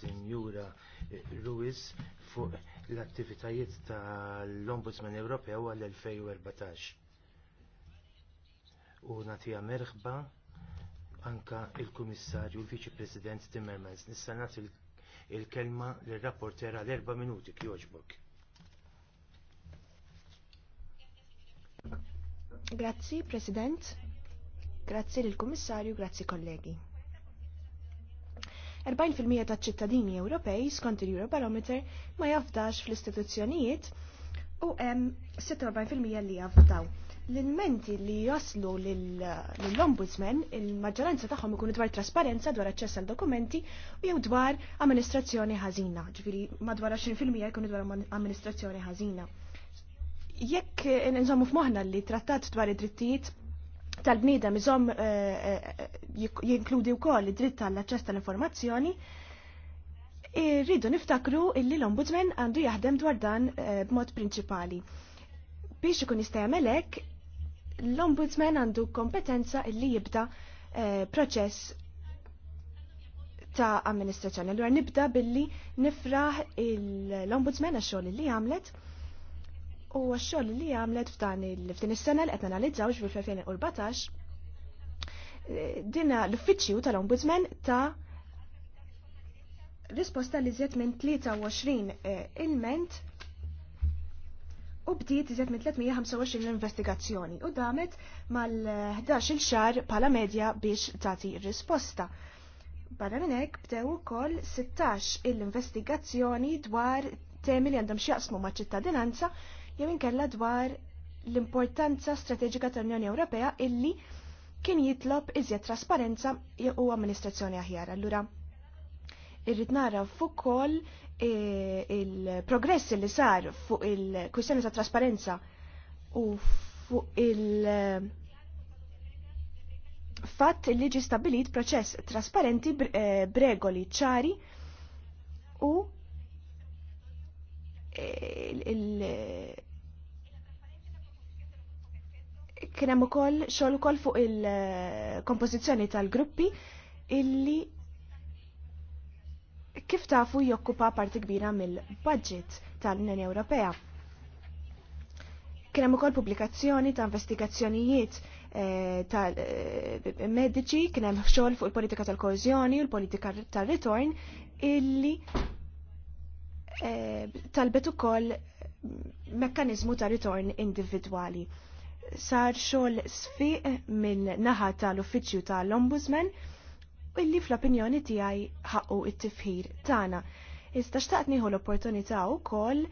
sinjura Ruiz fuq l-attivitajiet tal-Ombudsman Ewropew għall-2014. U natija merħba anka il-Kummissarju l-Viċi President Timmermans. Nissa nagħti il-kelma lir-rapporter għal erba' minuti kjoġbok. Grazzi, President. Grazzi lill kummissarju grazzi kollegi. 40% ta' ċittadini Ewropej skont il-Eurobarometer ma jafdax fl-istituzzjonijiet u hemm 46% li jafdaw. L-ilmenti li jaslu lill-Ombudsman il-maġġoranza tagħhom ikunu dwar trasparenza dwar aċċess għal dokumenti u jew dwar amministrazzjoni ħażina, ġifieri madwar 20% jkunu dwar amministrazzjoni ħażina. Jekk nżommu f'moħħna li trattat dwar id-drittijiet tal-bniedem iżom eh, eh, jinkludi wkoll id-dritt tal-aċċess tal-informazzjoni, irridu niftakru illi l-Ombudsman għandu jaħdem dwar dan eh, b'mod prinċipali. Biex ikun jista' jagħmel hekk, l-Ombudsman għandu kompetenza illi jibda proċess ta' amministrazzjoni. Allura nibda billi nifraħ l-Ombudsman għax-xogħol li għamlet u għaxxol xogħol li għamlet f'dan il-ftin is-sena li qed analizzaw fil-2014 dinna l-uffiċċju tal-Ombudsman ta' risposta li żiet minn 23 eh, ilment u bdiet iżjed minn 325 investigazzjoni u damet mal-11 il xar pala medja biex tati risposta. Barra minn hekk bdew ukoll 16 il-investigazzjoni dwar temi li għandhom xjaqsmu maċ ċittadinanza jew inkella dwar l-importanza strateġika tal-Unjoni Ewropea illi kien jitlob iżjed trasparenza u amministrazzjoni aħjar. Allura, irrid nara fuq koll eh, il-progressi li sar fuq il-kwistjoni ta' trasparenza u fuq il- eh, fatt li ġi stabilit proċess trasparenti eh, bregoli ċari u il Kien hemm ukoll xogħol ukoll fuq il-kompożizzjoni tal-gruppi illi kif tafu jokkupa parti kbira mill-budget tal-Unjoni Ewropea. Kien hemm ukoll pubblikazzjoni ta' investigazzjonijiet eh, tal-mediċi, eh, kien hemm xogħol fuq il-politika tal-koeżjoni u l-politika tal-ritorn illi eh, talbet ukoll mekkanizmu ta' ritorn individwali sar xogħol sfiq minn naħa tal-Uffiċċju tal-Ombudsman illi fl-opinjoni tiegħi ħaqqu it-tifħir tagħna. Iżda xtaqt nieħu l-opportunità wkoll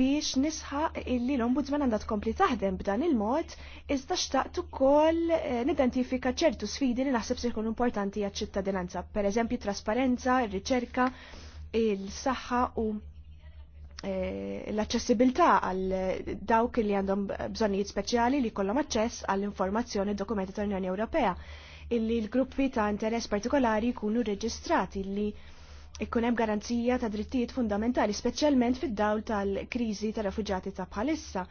biex nisħaq illi l-ombudsman għandha tkompli taħdem b'dan il-mod, iżda xtaqt ukoll eh, nidentifika ċertu sfidi li naħseb se jkunu importanti għaċ-ċittadinanza, pereżempju trasparenza, ir-riċerka, il-saħħa u Eh, l-accessibilità għal dawk li għandhom bżonnijiet speċjali li kollom aċċess għall informazzjoni u dokumenti tal-Unjoni Ewropea illi l-gruppi ta' interess partikolari jkunu reġistrati li ikun hemm garanzija ta' drittijiet fundamentali speċjalment fid-dawl tal-kriżi tal refuġjati ta' bħalissa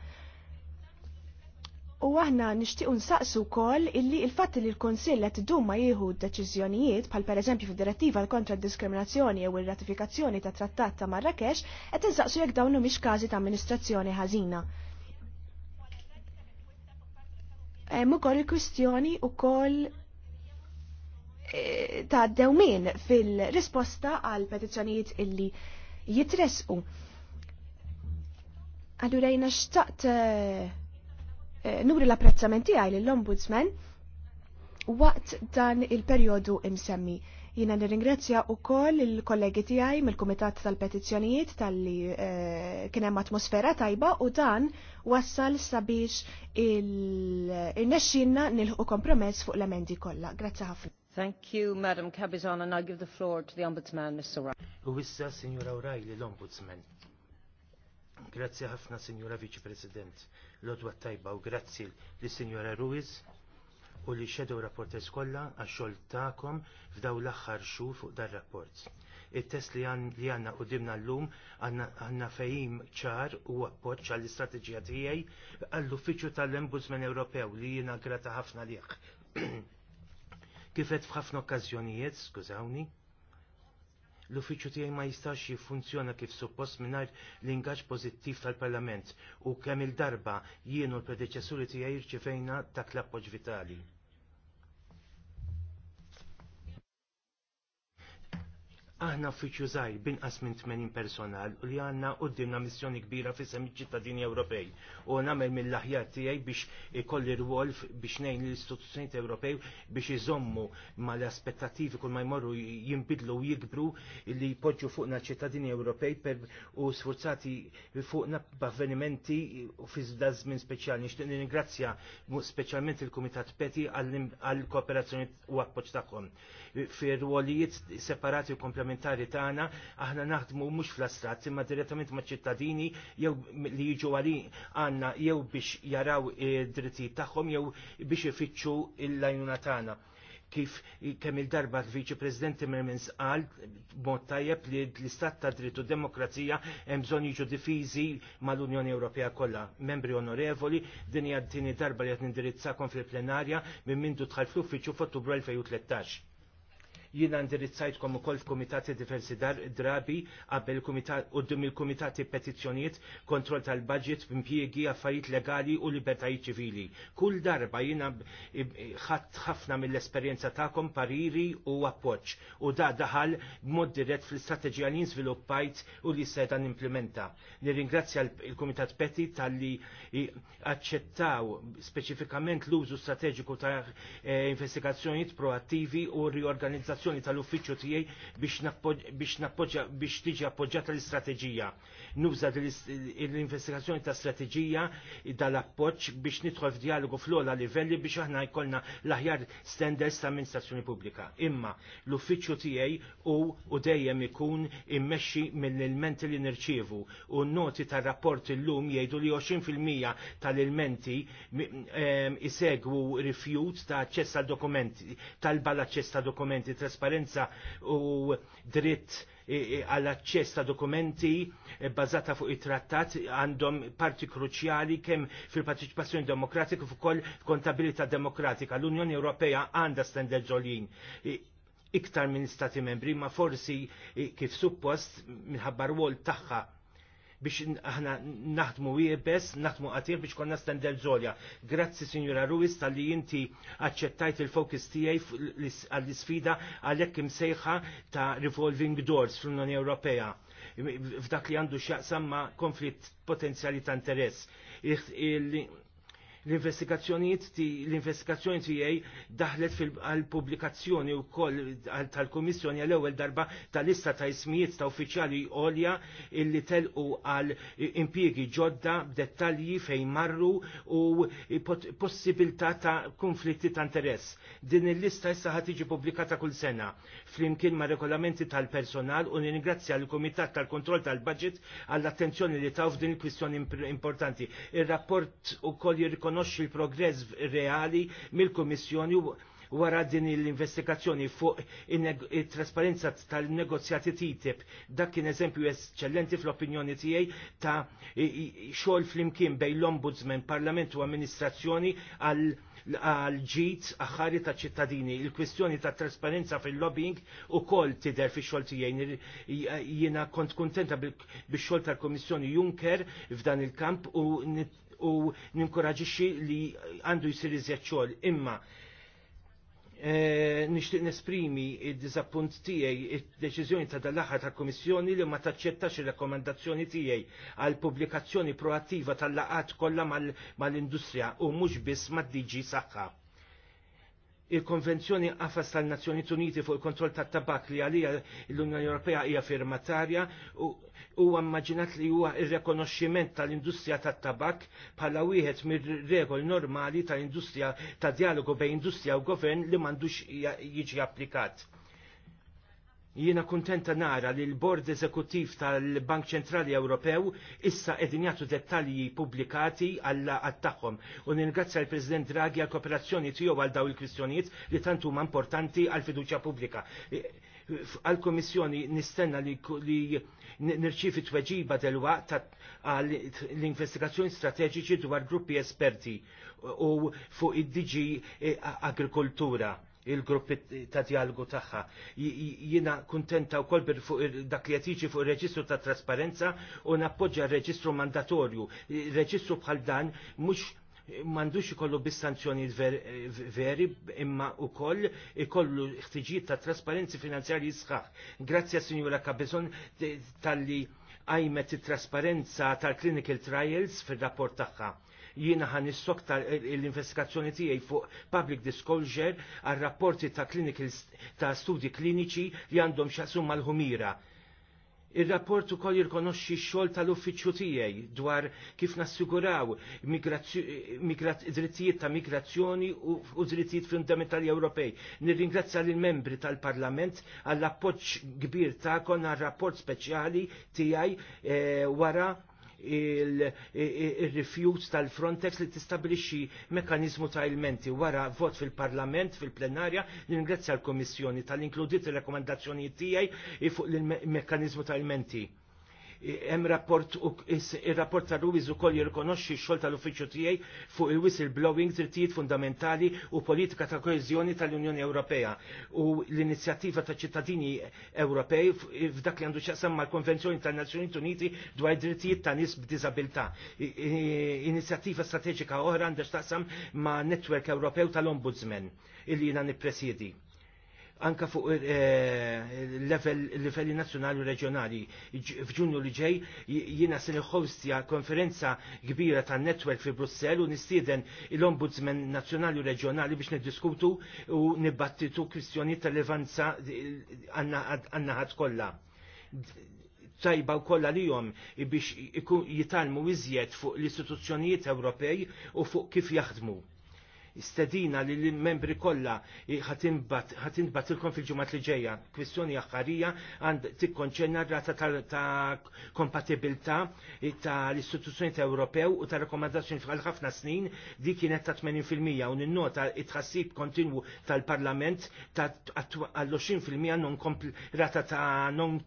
U aħna nixtiequ nsaqsu wkoll illi il-fatt li l-Kunsill qed idum ma jieħu deċiżjonijiet bħal pereżempju fid-direttiva kontra d-diskriminazzjoni jew ir-ratifikazzjoni ta' trattat ta' Marrakesh qed insaqsu jekk dawn mhumiex każi ta' amministrazzjoni ħażina. Hemm ukoll il-kwistjoni wkoll e, ta' dewmin fil-risposta għal petizzjonijiet illi jitresqu. Allura jina xtaqt e, Eh, nuri l-apprezzamenti għaj l-Ombudsman waqt dan il-periodu imsemmi. Jina nirringrazzja u koll il-kollegi tijaj mill-Kumitat tal-Petizzjonijiet tal-li eh, kienem atmosfera tajba u dan wassal sabiex il-nexxinna nil-ħu kompromess fuq l-emendi kollha. Grazzi ħafna. Thank you, Madam Cabizon, and I give the floor to the Ombudsman, Mr. O'Reilly. U issa, Signora O'Reilly, l-Ombudsman. Grazzi ħafna, Sinjora Viċi President, Lodwa tajba u grazzi li Sinjora Ruiz u li xedew rapporters kollha għax-xogħol tagħkom f'daw l-aħħar xhur fuq dar rapport. Il-test li għandna l llum għandna fejim ċar u appoġġ għall-istrateġija tiegħi għall-Uffiċċju tal embudsman Ewropew li jiena grata ħafna liħ. Kifet f'ħafna okkażjonijiet, skużawni, l-uffiċċju tiegħi ma jistax jiffunzjona kif suppost mingħajr l-ingaġġ pożittiv tal-Parlament u kemm il-darba jien u l-predeċessuri tiegħi rċevejna dak l-appoġġ vitali. aħna uffiċju żgħir binqas minn tmenin personal u li għandna qudiemna missjoni kbira fi semmi ċittadini Ewropej u nagħmel mill-aħjar tiegħi biex ikolli rwol biex nejn l-istituzzjonijiet Ewropej biex iżommu mal-aspettattivi kull ma jmorru jinbidlu u jikbru li jpoġġu fuqna ċittadini Ewropej per u sforzati fuqna b'avvenimenti u fi żmien speċjali. Nixtieq ningrazzja speċjalment il-Kumitat Peti għall-kooperazzjoni u appoġġ tagħhom. Fi rwolijiet separati u komplementari parlamentari tagħna aħna naħdmu mhux fl-astrat imma direttament maċ ċittadini jew li jiġu għalin għandna jew biex jaraw id-drittijiet tagħhom jew biex ifittxu l-lajnuna tagħna kif kemm il-darba l-Viċi President Timmermans qal mod tajjeb li l-istat ta' drittu demokrazija hemm bżonn jiġu difiżi mal-Unjoni Ewropea kollha. Membri onorevoli, din hija d-tieni darba li qed nindirizzakom fil-plenarja minn mindu dħal fl-uffiċċju f'Ottubru 2013 jina ndirizzajtkom u kol f'komitati diversi drabi għabel għoddim il-komitati petizjoniet kontrol tal-budget b'impiegi affarijiet legali u libertajiet ċivili. Kull darba jina ħadd ħafna mill-esperjenza tagħkom pariri u appoġġ u da daħal b'mod dirett fl-istrateġija li nżviluppajt u li sedan implementa. Nirringrazzja l kumitat Peti tal-li aċċettaw speċifikament l-użu strateġiku ta' eh, investigazzjonijiet proattivi u riorganizzazzjoni l-azzjoni tal-uffiċċju tiegħi biex nappoġġa biex tiġi appoġġjata l-istrateġija. Nuża l-investigazzjoni ta' strateġija dal-appoġġ biex nidħol f'dialogu fl-ogħla livelli biex aħna jkollna l-aħjar standards ta' amministrazzjoni pubblika. Imma l-uffiċċju tiegħi u dejjem ikun immexxi mill-ilmenti li nirċievu u n-noti tar-rapport illum jgħidu li 20% tal-ilmenti ehm, isegwu rifjut ta' ċessa dokumenti tal-bala ċess ta' dokumenti trasparenza u dritt e, e, għall-aċċess ta' dokumenti e, bbażata fuq it-trattat għandhom parti kruċjali kemm fil-partiċipazzjoni demokratika fuq koll kontabilità demokratika. L-Unjoni Ewropea għandha standard ġolin iktar minn stati membri, ma forsi kif suppost minħabba wol tagħha biex aħna naħdmu wiebes, naħdmu għatir biex konna standel zolja. Grazzi Signora Ruiz tal-li inti accettajt il-fokus tijaj għall-sfida għalek imsejħa ta' revolving doors fl-Unjoni Ewropea f'dak li għandu xaqsam ma' konflitt potenzjali ta' interess l l-investigazzjoni tiegħi daħlet għal-pubblikazzjoni wkoll tal-Kummissjoni għall-ewwel darba tal-lista ta' ismijiet ta' uffiċjali għolja illi telqu għal impjiegi ġodda dettalji fejn marru u possibilità ta' konflitti ta' interess. Din il-lista issa ħad tiġi pubblikata kull sena flimkien ma' regolamenti tal-personal u ningrazzja l-Kumitat tal-Kontroll tal-Budget għall-attenzjoni li taw f'din il-kwistjoni importanti. Il-rapport u koll jirrikonoxxi nirrikonoxxu l-progress reali mill-Kummissjoni wara din l-investigazzjoni fuq it-trasparenza tal-negozjati TTIP. E Dak kien eżempju eċċellenti fl-opinjoni tiegħi ta' xogħol flimkien bejn l-Ombudsman, Parlament u Amministrazzjoni għal ġit aħħari ta' ċittadini. Il-kwistjoni ta' trasparenza fil-lobbying u koll tider fi xogħol tiegħi. Jiena kont kontenta bix xogħol tal-Komissjoni Juncker f'dan il-kamp u u ninkoraġixxi li għandu jsir iżjed xogħol. Imma E, nishtiq nesprimi id-dizappunt tiegħi id-deċiżjoni ta' dal-aħħar ta' Komissjoni li ma taċċettax ir-rakkomandazzjoni tiegħi għal pubblikazzjoni proattiva tal-laqat kollha mal-industrija u mhux biss mad diġi saħħa. Il-Konvenzjoni qafas tal-Nazzjoni Uniti fuq il-kontroll tat-tabak li għalija l-Unjoni Ewropea hija firmatarja u huwa immaġinat li huwa ir-rekonoxximent tal-industrija tat-tabak bħala wieħed mir-regol normali tal-industrija ta' dialogu bejn industrija u govern li m'għandux jiġi applikat. Jiena kuntenta nara li l-Bord Eżekuttiv tal-Bank Ċentrali Ewropew issa qegħdin jagħtu dettalji pubblikati għall tagħhom u ningrazzja l-President Draghi għal kooperazzjoni tiegħu għal dawn il-kwistjonijiet li tant huma importanti għal fiduċja pubblika għal-Komissjoni nistenna li, li nirċifi tweġiba del-waqt l-investigazzjoni strateġiċi dwar gruppi esperti u fuq id-diġi eh, agrikoltura il-gruppi ta' dialogu tagħha. Jiena kuntenta wkoll bir fuq dak li qed fuq ir-reġistru ta' trasparenza u nappoġġja r-reġistru mandatorju. Reġistru bħal dan mhux mandux ikollu bis sanzjoni veri imma u koll ikollu ħtiġijiet ta' trasparenzi finanzjarji sħaħ. Grazzi Sinjura Kabezon tal-li għajmet trasparenza tal-clinical trials fil-rapport tagħha. Jiena ħan issok l-investigazzjoni tiegħi fuq public disclosure għar rapporti ta' clinical ta' studji kliniċi li għandhom x'asum mal-ħumira Il-rapport ukoll jirkonoxxi x-xogħol tal-uffiċċju tiegħi dwar kif nassiguraw drittijiet ta' migrazzjoni u drittijiet fundamentali Ewropej. Nirringrazzja l membri tal-Parlament għall appoġġ kbir ta' konna rapport speċjali tiegħi eh, wara il-rifjut tal-Frontex li tistabilixxi mekanizmu ta' ilmenti wara vot fil-Parlament fil-plenarja ningrazzja l-Komissjoni tal-inkludit il-rekomendazzjoni tiegħi fuq il-mekanizmu ta' ilmenti hemm rapport ir-rapport ta' Ruiz ukoll jirrikonoxxi x-xogħol tal-uffiċċju tiegħi fuq il-whistleblowing, drittijiet fundamentali u politika ta' koeżjoni tal-Unjoni Ewropea u l-inizjattiva ta' ċittadini Ewropej f'dak li għandu x'jaqsam mal-Konvenzjoni tan-Nazzjonijiet Uniti dwar id-drittijiet ta' nies b'diżabilità. Inizjattiva strateġika oħra għandha x'taqsam ma' Netwerk Ewropew tal-Ombudsman illi jiena nippresjedi anka fuq eh, il-livelli nazzjonali u reġjonali. F'Ġunju li ġej jiena se nħostja konferenza kbira ta' netwerk fi Brussell u nistieden l-Ombudsman Nazzjonali u Reġjonali biex niddiskutu u nibbattitu kwistjoni tal-levanza ħadd kollha tajba u kolla li jom biex jitalmu iżjed fuq l-istituzzjonijiet Ewropej u fuq kif jaħdmu. Istedina li l-membri kollha ħatinbat ilkom fil-ġimgħat li ġejja. Kwistjoni aħħarija għand tikkonċenna rata ta' kompatibilità tal ta' Ewropew u ta' rakkomandazzjoni fil ħafna snin di kienet ta' 80% u ninnota it-ħassib kontinwu tal-Parlament ta' għall-20% rata ta' non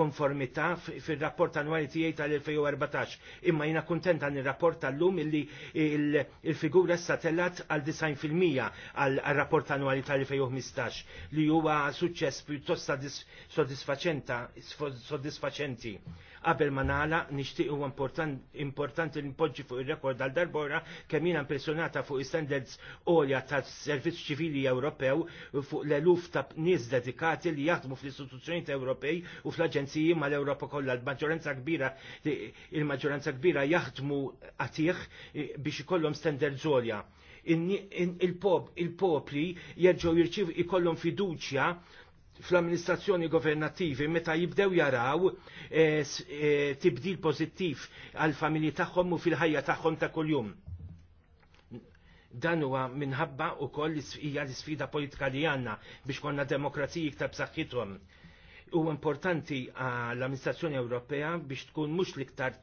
konformità fil-rapport annwali tiegħi tal-2014. Imma jiena kuntenta dan il-rapport tal-lum illi il-figura satellat għal 90% għal-rapport annwali tal-2015 li huwa suċċess pjuttost soddisfaċenti. Qabel ma nagħla nixtieq huwa importanti li npoġġi fuq ir-rekord għal darbora kemm jiena impressjonata fuq standards għolja tas-Servizz Ċivili Ewropew fuq l-eluf ta' nies dedikati li jaħdmu fl-istituzzjonijiet Ewropej u fl-aġenziji mal-Ewropa kollha. L-maġġoranza kbira il-maġġoranza kbira jaħdmu għatih eh, biex ikollhom standards għolja il-popli il jerġgħu jirċiv ikollhom fiduċja fl-amministrazzjoni governattivi meta jibdew jaraw e, e, tibdil pozittiv għal familji tagħhom u fil-ħajja tagħhom ta' kuljum. Dan huwa minħabba wkoll hija l-isfida politika li għandna biex konna demokrazija iktar b'saħħithom. U importanti għall amministrazzjoni Ewropea biex tkun mhux l-iktar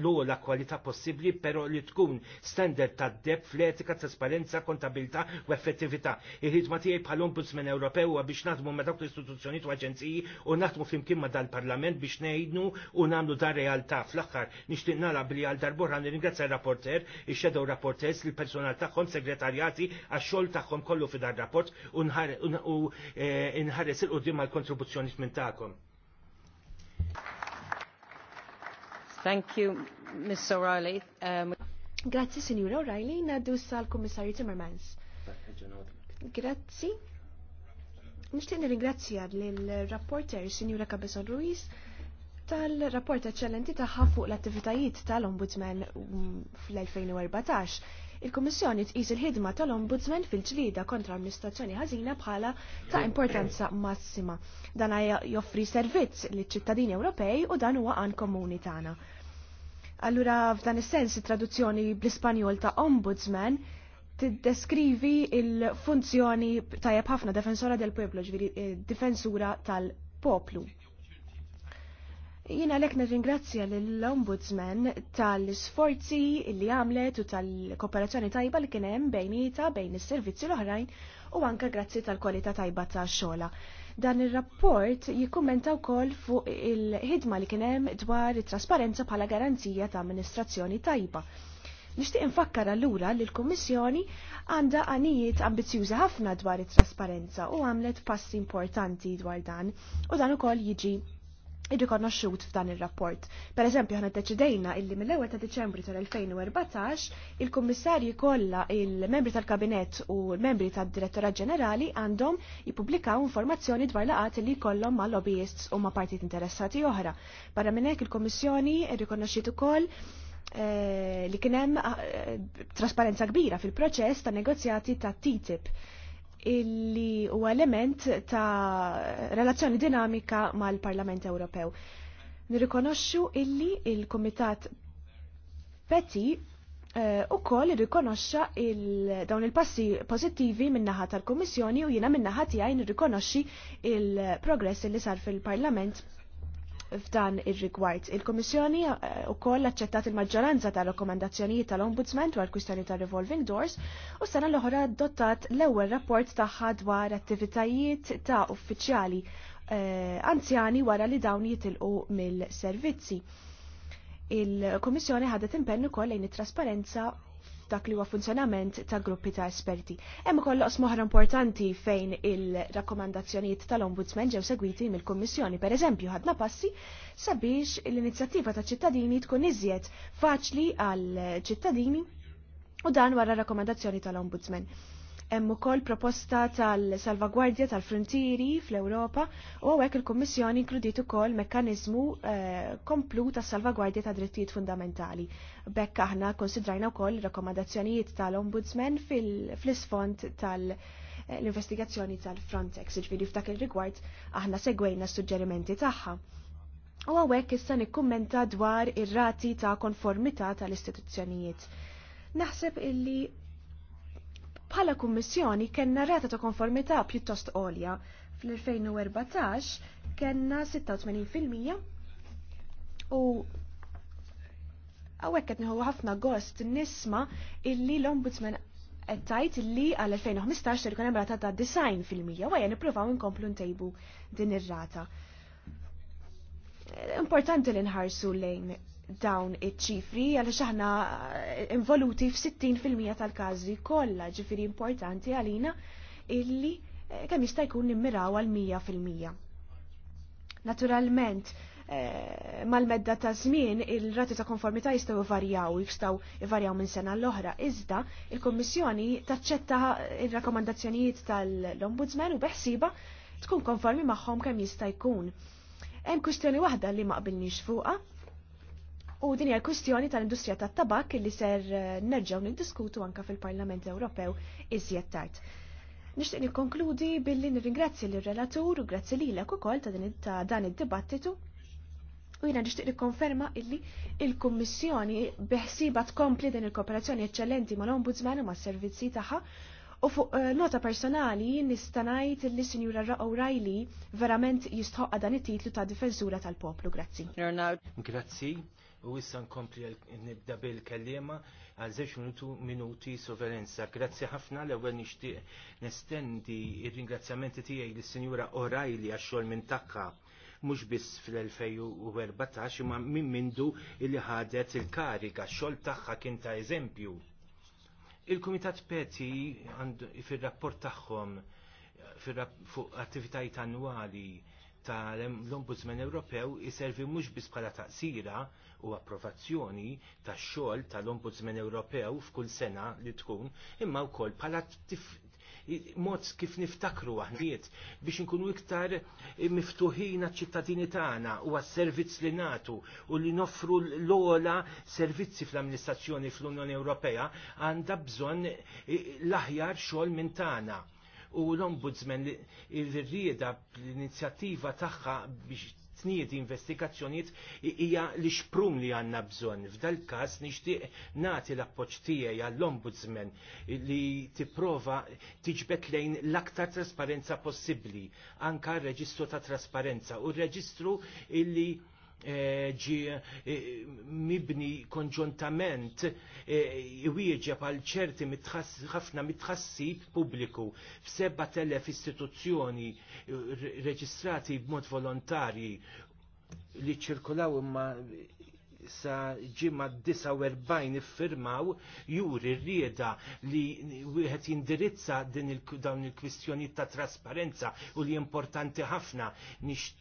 l ogħla kwalità possibbli, però li tkun standard ta' deb fl-etika, trasparenza, kontabilità u effettività. Il-ħidma tiegħi bħal-Ombudsman Ewropew biex naħdmu ma' dawk l-istituzzjonijiet u aġenziji u naħdmu flimkien ma' dal-Parlament biex ngħidnu u nagħmlu dar realtà. Fl-aħħar nixtieq nagħlaq li għal darbora nirringrazzja r-rapporter, ix-shadow rapporters, il-personal tagħhom, segretarjati għax-xogħol tagħhom kollu fi dar rapport u eh, nħares il-qudiem għal kontribuzzjoni minn tagħkom. Thank you, O'Reilly. Um... Grazzi, Signora O'Reilly. Naddu sal-Kommissarju Timmermans. Grazzi. Nishtiqni ringrazzja lill-rapporter Signora Cabezon Ruiz tal-rapport eċċellenti tagħha fuq l-attivitajiet tal-Ombudsman mm, fl-2014 Il-Kummissjoni tqis il-ħidma tal-Ombudsman fil-ġlida kontra amministrazzjoni ħażina bħala ta' importanza massima. Dan joffri servizz liċ ċittadini Ewropej u dan huwa għan komuni tagħna. Allura f'dan is-sens traduzzjoni bl-Ispanjol ta' Ombudsman tiddeskrivi il-funzjoni tajjeb ħafna defensora del pueblo, ġviri eh, difensura tal-poplu. Jina lek nirringrazzja l-Ombudsman tal-sforzi li għamlet u tal-kooperazzjoni tajba li kienem bejnita bejn is-servizzi l-oħrajn u anka grazzi tal-kwalità tajba ta' xogħla. Dan ir-rapport jikkummenta wkoll fuq il-ħidma li kienem dwar it-trasparenza bħala garanzija ta' amministrazzjoni tajba. Nixtieq infakkar allura li l-Kummissjoni għandha għanijiet ambizzjużi ħafna dwar it-trasparenza u għamlet passi importanti dwar dan u dan ukoll jiġi irrikonoxxut f'dan ir-rapport. Per eżempju, ħana deċidejna illi mill 1 ta' Diċembru tal-2014 il-Kummissarji kollha il-membri tal-Kabinett u l-membri tad-Direttorat Ġenerali għandhom jippubblikaw informazzjoni dwar laqat li jkollhom ma' lobbyists u ma' partit interessati oħra. Barra minn hekk il-Kummissjoni irrikonoxxiet ukoll eh, li kien hemm eh, trasparenza kbira fil-proċess ta' negozjati ta' TTIP illi huwa element ta' relazzjoni dinamika mal-Parlament Ewropew. Nirrikonoxxu illi il-Kumitat Peti eh, u koll irrikonoxxa dawn il-passi pożittivi minnaħa tal-Kummissjoni u jiena minnaħa tiegħi nirrikonoxxi il-progress li sar fil-Parlament f'dan ir-rigward. Il-Komissjoni wkoll eh, aċċettat il-maġġoranza tal-rakkomandazzjonijiet tal-Ombudsman dwar kwistjoni ta' revolving doors u s-sena l-oħra dotat l-ewwel rapport tagħha dwar attivitajiet ta' uffiċjali eh, anzjani wara li dawn jitilqu mill-servizzi. Il-Komissjoni ħadet impennu koll lejn it-trasparenza dak li huwa funzjonament ta' gruppi ta' esperti. Hemm ukoll moħra importanti fejn il-rakkomandazzjonijiet tal-Ombudsman ġew segwiti mill-Kummissjoni. Pereżempju, ħadna passi sabiex l-inizjattiva ta' ċittadini tkun iżjed faċli għal ċittadini u dan wara rakkomandazzjoni tal-Ombudsman. Hemm ukoll proposta tal-salvagwardja tal-frontieri fl-Ewropa u hekk il-Kummissjoni inkludiet ukoll mekkaniżmu eh, komplu tas-salvagwardja ta' drittijiet fundamentali. Bekk aħna konsidrajna wkoll rakkomandazzjonijiet tal-Ombudsman fl-isfond tal- eh, l-investigazzjoni tal-Frontex, ġviri f'dak il-rigward aħna segwejna s-suġġerimenti tagħha. U għawek issa nikkummenta dwar ir-rati ta' konformità tal-istituzzjonijiet. Naħseb illi Bħala kummissjoni kenna rata ta' konformità pjuttost għolja. Fl-2014 kenna 86% u għawek qed nieħu ħafna gost nisma illi l-Ombudsman qed tgħid illi għal 2015 ser ikun hemm rata ta' design fil-mija u għajja nippruvaw nkomplu ntejbu din ir-rata. Importanti li nħarsu lejn dawn iċ-ċifri għaliex aħna eh, involuti f-60% tal-każi kollha, ġifieri importanti għalina illi eh, kemm jista' jkun nimmiraw għal 100%. Naturalment, eh, mal-medda ta' żmien il-rati ta' konformità jistgħu varjaw, jistgħu varjaw minn sena l-oħra. Iżda il-Kommissjoni taċċetta il-rakkomandazzjonijiet tal-Ombudsman u beħsiba tkun konformi magħhom kemm jista' jkun. Hemm kwistjoni waħda li ma qbilniex fuqha, U din hija kwistjoni tal-industrija tat-tabak li ser eh, nerġgħu niddiskutu anka fil-Parlament Ewropew iżjed tard. Nixtieq nikkonkludi billi nirringrazzja lir relatur u grazzi lilek ukoll ta' ta' dan id-dibattitu. U jiena nixtieq nikkonferma illi il-Kummissjoni beħsiba tkompli din il-kooperazzjoni eċċellenti mal-Ombudsman u mas-servizzi tagħha U fuq eh, nota personali nistanajt li sinjura O'Reilly verament jistħoqqa dan it-titlu ta' difensura tal-poplu. Grazzi. Grazzi u issa nkompli nibda bil-kellima għal zeċ minutu minuti soverenza. Grazzi ħafna l ewwel nixtieq nestendi ir-ringrazzjamenti tiegħi lis-Sinjura O'Reilly għax-xogħol minn taqqa mhux biss fl-2014 imma minn mindu li ħadet il karika x-xogħol tagħha kien ta' eżempju. Il-Kumitat Peti fir-rapport tagħhom fuq attivitajiet annwali l ombudsman Ewropew iservi mhux biss bħala taqsira u approvazzjoni tax-xogħol tal-Ombudsman Ewropew f'kull sena li tkun, imma wkoll bħala mod kif niftakru aħniet biex nkunu iktar miftuħin ċittadini tagħna u għas-servizz li natu u li noffru l ogħla servizzi fl-amministrazzjoni fl-Unjoni Ewropea għandha bżonn l-aħjar xogħol minn tagħna u l-Ombudsman rieda l inizjattiva tagħha biex tniet investigazzjoniet hija li xprum li għanna bżonn. F'dal każ nixtieq nagħti l-appoġġ tiegħi għall-Ombudsman li tipprova tiġbed lejn l-aktar trasparenza possibbli, anka r-reġistru ta' trasparenza u r-reġistru illi Eh, ġi eh, mibni konġuntament eh, iwieġeb għal ċerti ħafna mitħassib pubbliku f'sebba telef istituzzjoni reġistrati b'mod volontarji li ċirkulaw imma sa ġimma 49 iffirmaw juri rrieda li wieħed jindirizza din il dawn il-kwistjoni ta' trasparenza u li importanti ħafna nix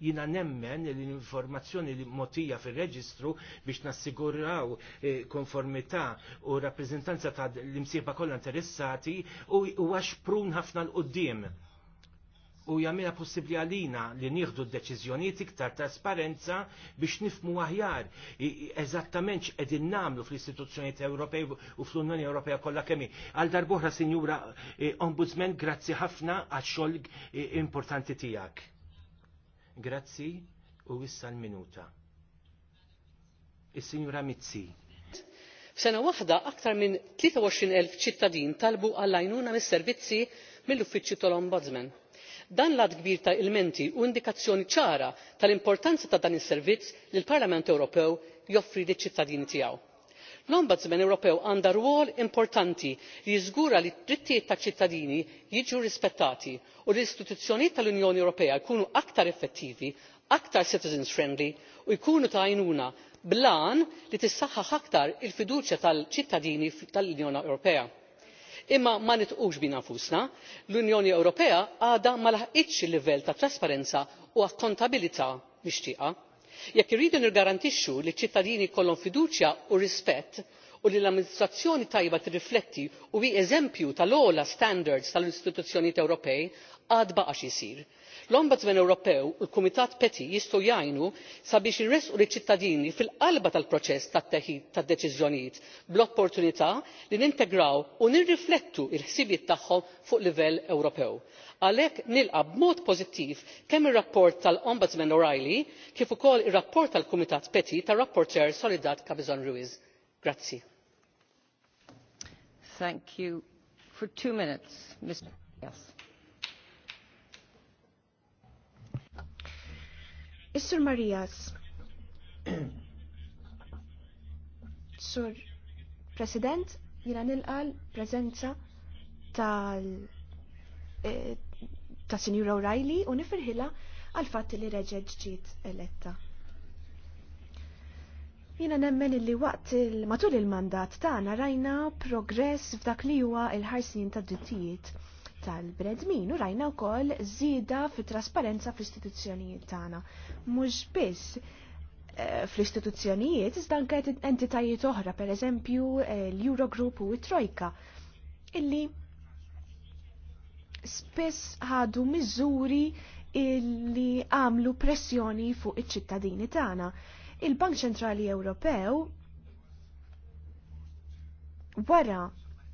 jina nemmen l-informazzjoni li motija fil-reġistru biex nassiguraw eh, konformità u rappresentanza ta' l-imsieba kollha interessati u għax prun ħafna l-qoddim u jagħmilha possibbli għalina li nieħdu d-deċiżjonijiet iktar trasparenza biex nifmu aħjar eżattament x'qegħdin nagħmlu fl-istituzzjonijiet Ewropej u fl-Unjoni Ewropea kollha kemm Għal darb'oħra Sinjura eh, Ombudsman, grazzi ħafna għax-xogħol eh, importanti tiegħek. Grazzi u issa l-minuta. Is-Sinjura Mizzi. F'sena waħda aktar minn 23,000 ċittadin talbu għall-għajnuna mis-servizzi mill-uffiċċju tal-Ombudsman dan l għad kbir ta' ilmenti u indikazzjoni ċara tal importanza ta' dan is servizz li l parlament ewropew joffri li ċittadini tiegħu l-ombudsman ewropew għandha rwol importanti li jiżgura li d-drittijiet taċ-ċittadini jiġu rispettati u li l-istituzzjonijiet tal-unjoni ewropea jkunu aktar effettivi aktar citizens friendly u jkunu ta' għajnuna blan li tissaħħaħ aktar il fiduċja tal-ċittadini tal-unjoni ewropea. imma ma nitqux bina nfusna l-unjoni ewropea għadha ma laħqitx il livell ta' trasparenza u akkontabilità mixtieqa jekk irridu niggarantixxu liċ ċittadini jkollhom fiduċja u rispett u li l-amministrazzjoni tajba tirrifletti u hi eżempju tal ogħla standards tal istituzzjonijiet ewropej għad baqa' xi jsir l ombudsman ewropew u l kumitat peti jistgħu jgħinu sabiex irresqu liċ ċittadini fil qalba tal proċess tat teħid tad deċiżjonijiet bl-opportunità li nintegraw u nirriflettu l ħsibiet tagħhom fuq livell ewropew. għalhekk nilqa b'mod pożittiv kemm ir-rapport tal ombudsman o'reilly kif ukoll ir-rapport tal kumitat peti tar-rapporteur soledad cabezón ruiz. grazzi. Thank you. For two minutes, Ms. Yes. Is-Sur Marijas. Sur President, jina nilqal prezenza tal eh, ta' Sinjura O'Reilly u nifirħila għal fatt li reġed ġiet eletta. Jina nemmen li waqt il matul il-mandat tagħna narajna progress f'dak li huwa il-ħarsin tad dittijiet tal-bredmin u rajna wkoll żieda fit-trasparenza fl-istituzzjonijiet tagħna. Mhux biss eh, fl-istituzzjonijiet iżda anke entitajiet oħra, pereżempju eh, l-Eurogroup u t-Trojka, illi spess ħadu miżuri illi għamlu pressjoni fuq iċ-ċittadini tagħna. Il-Bank Ċentrali Ewropew wara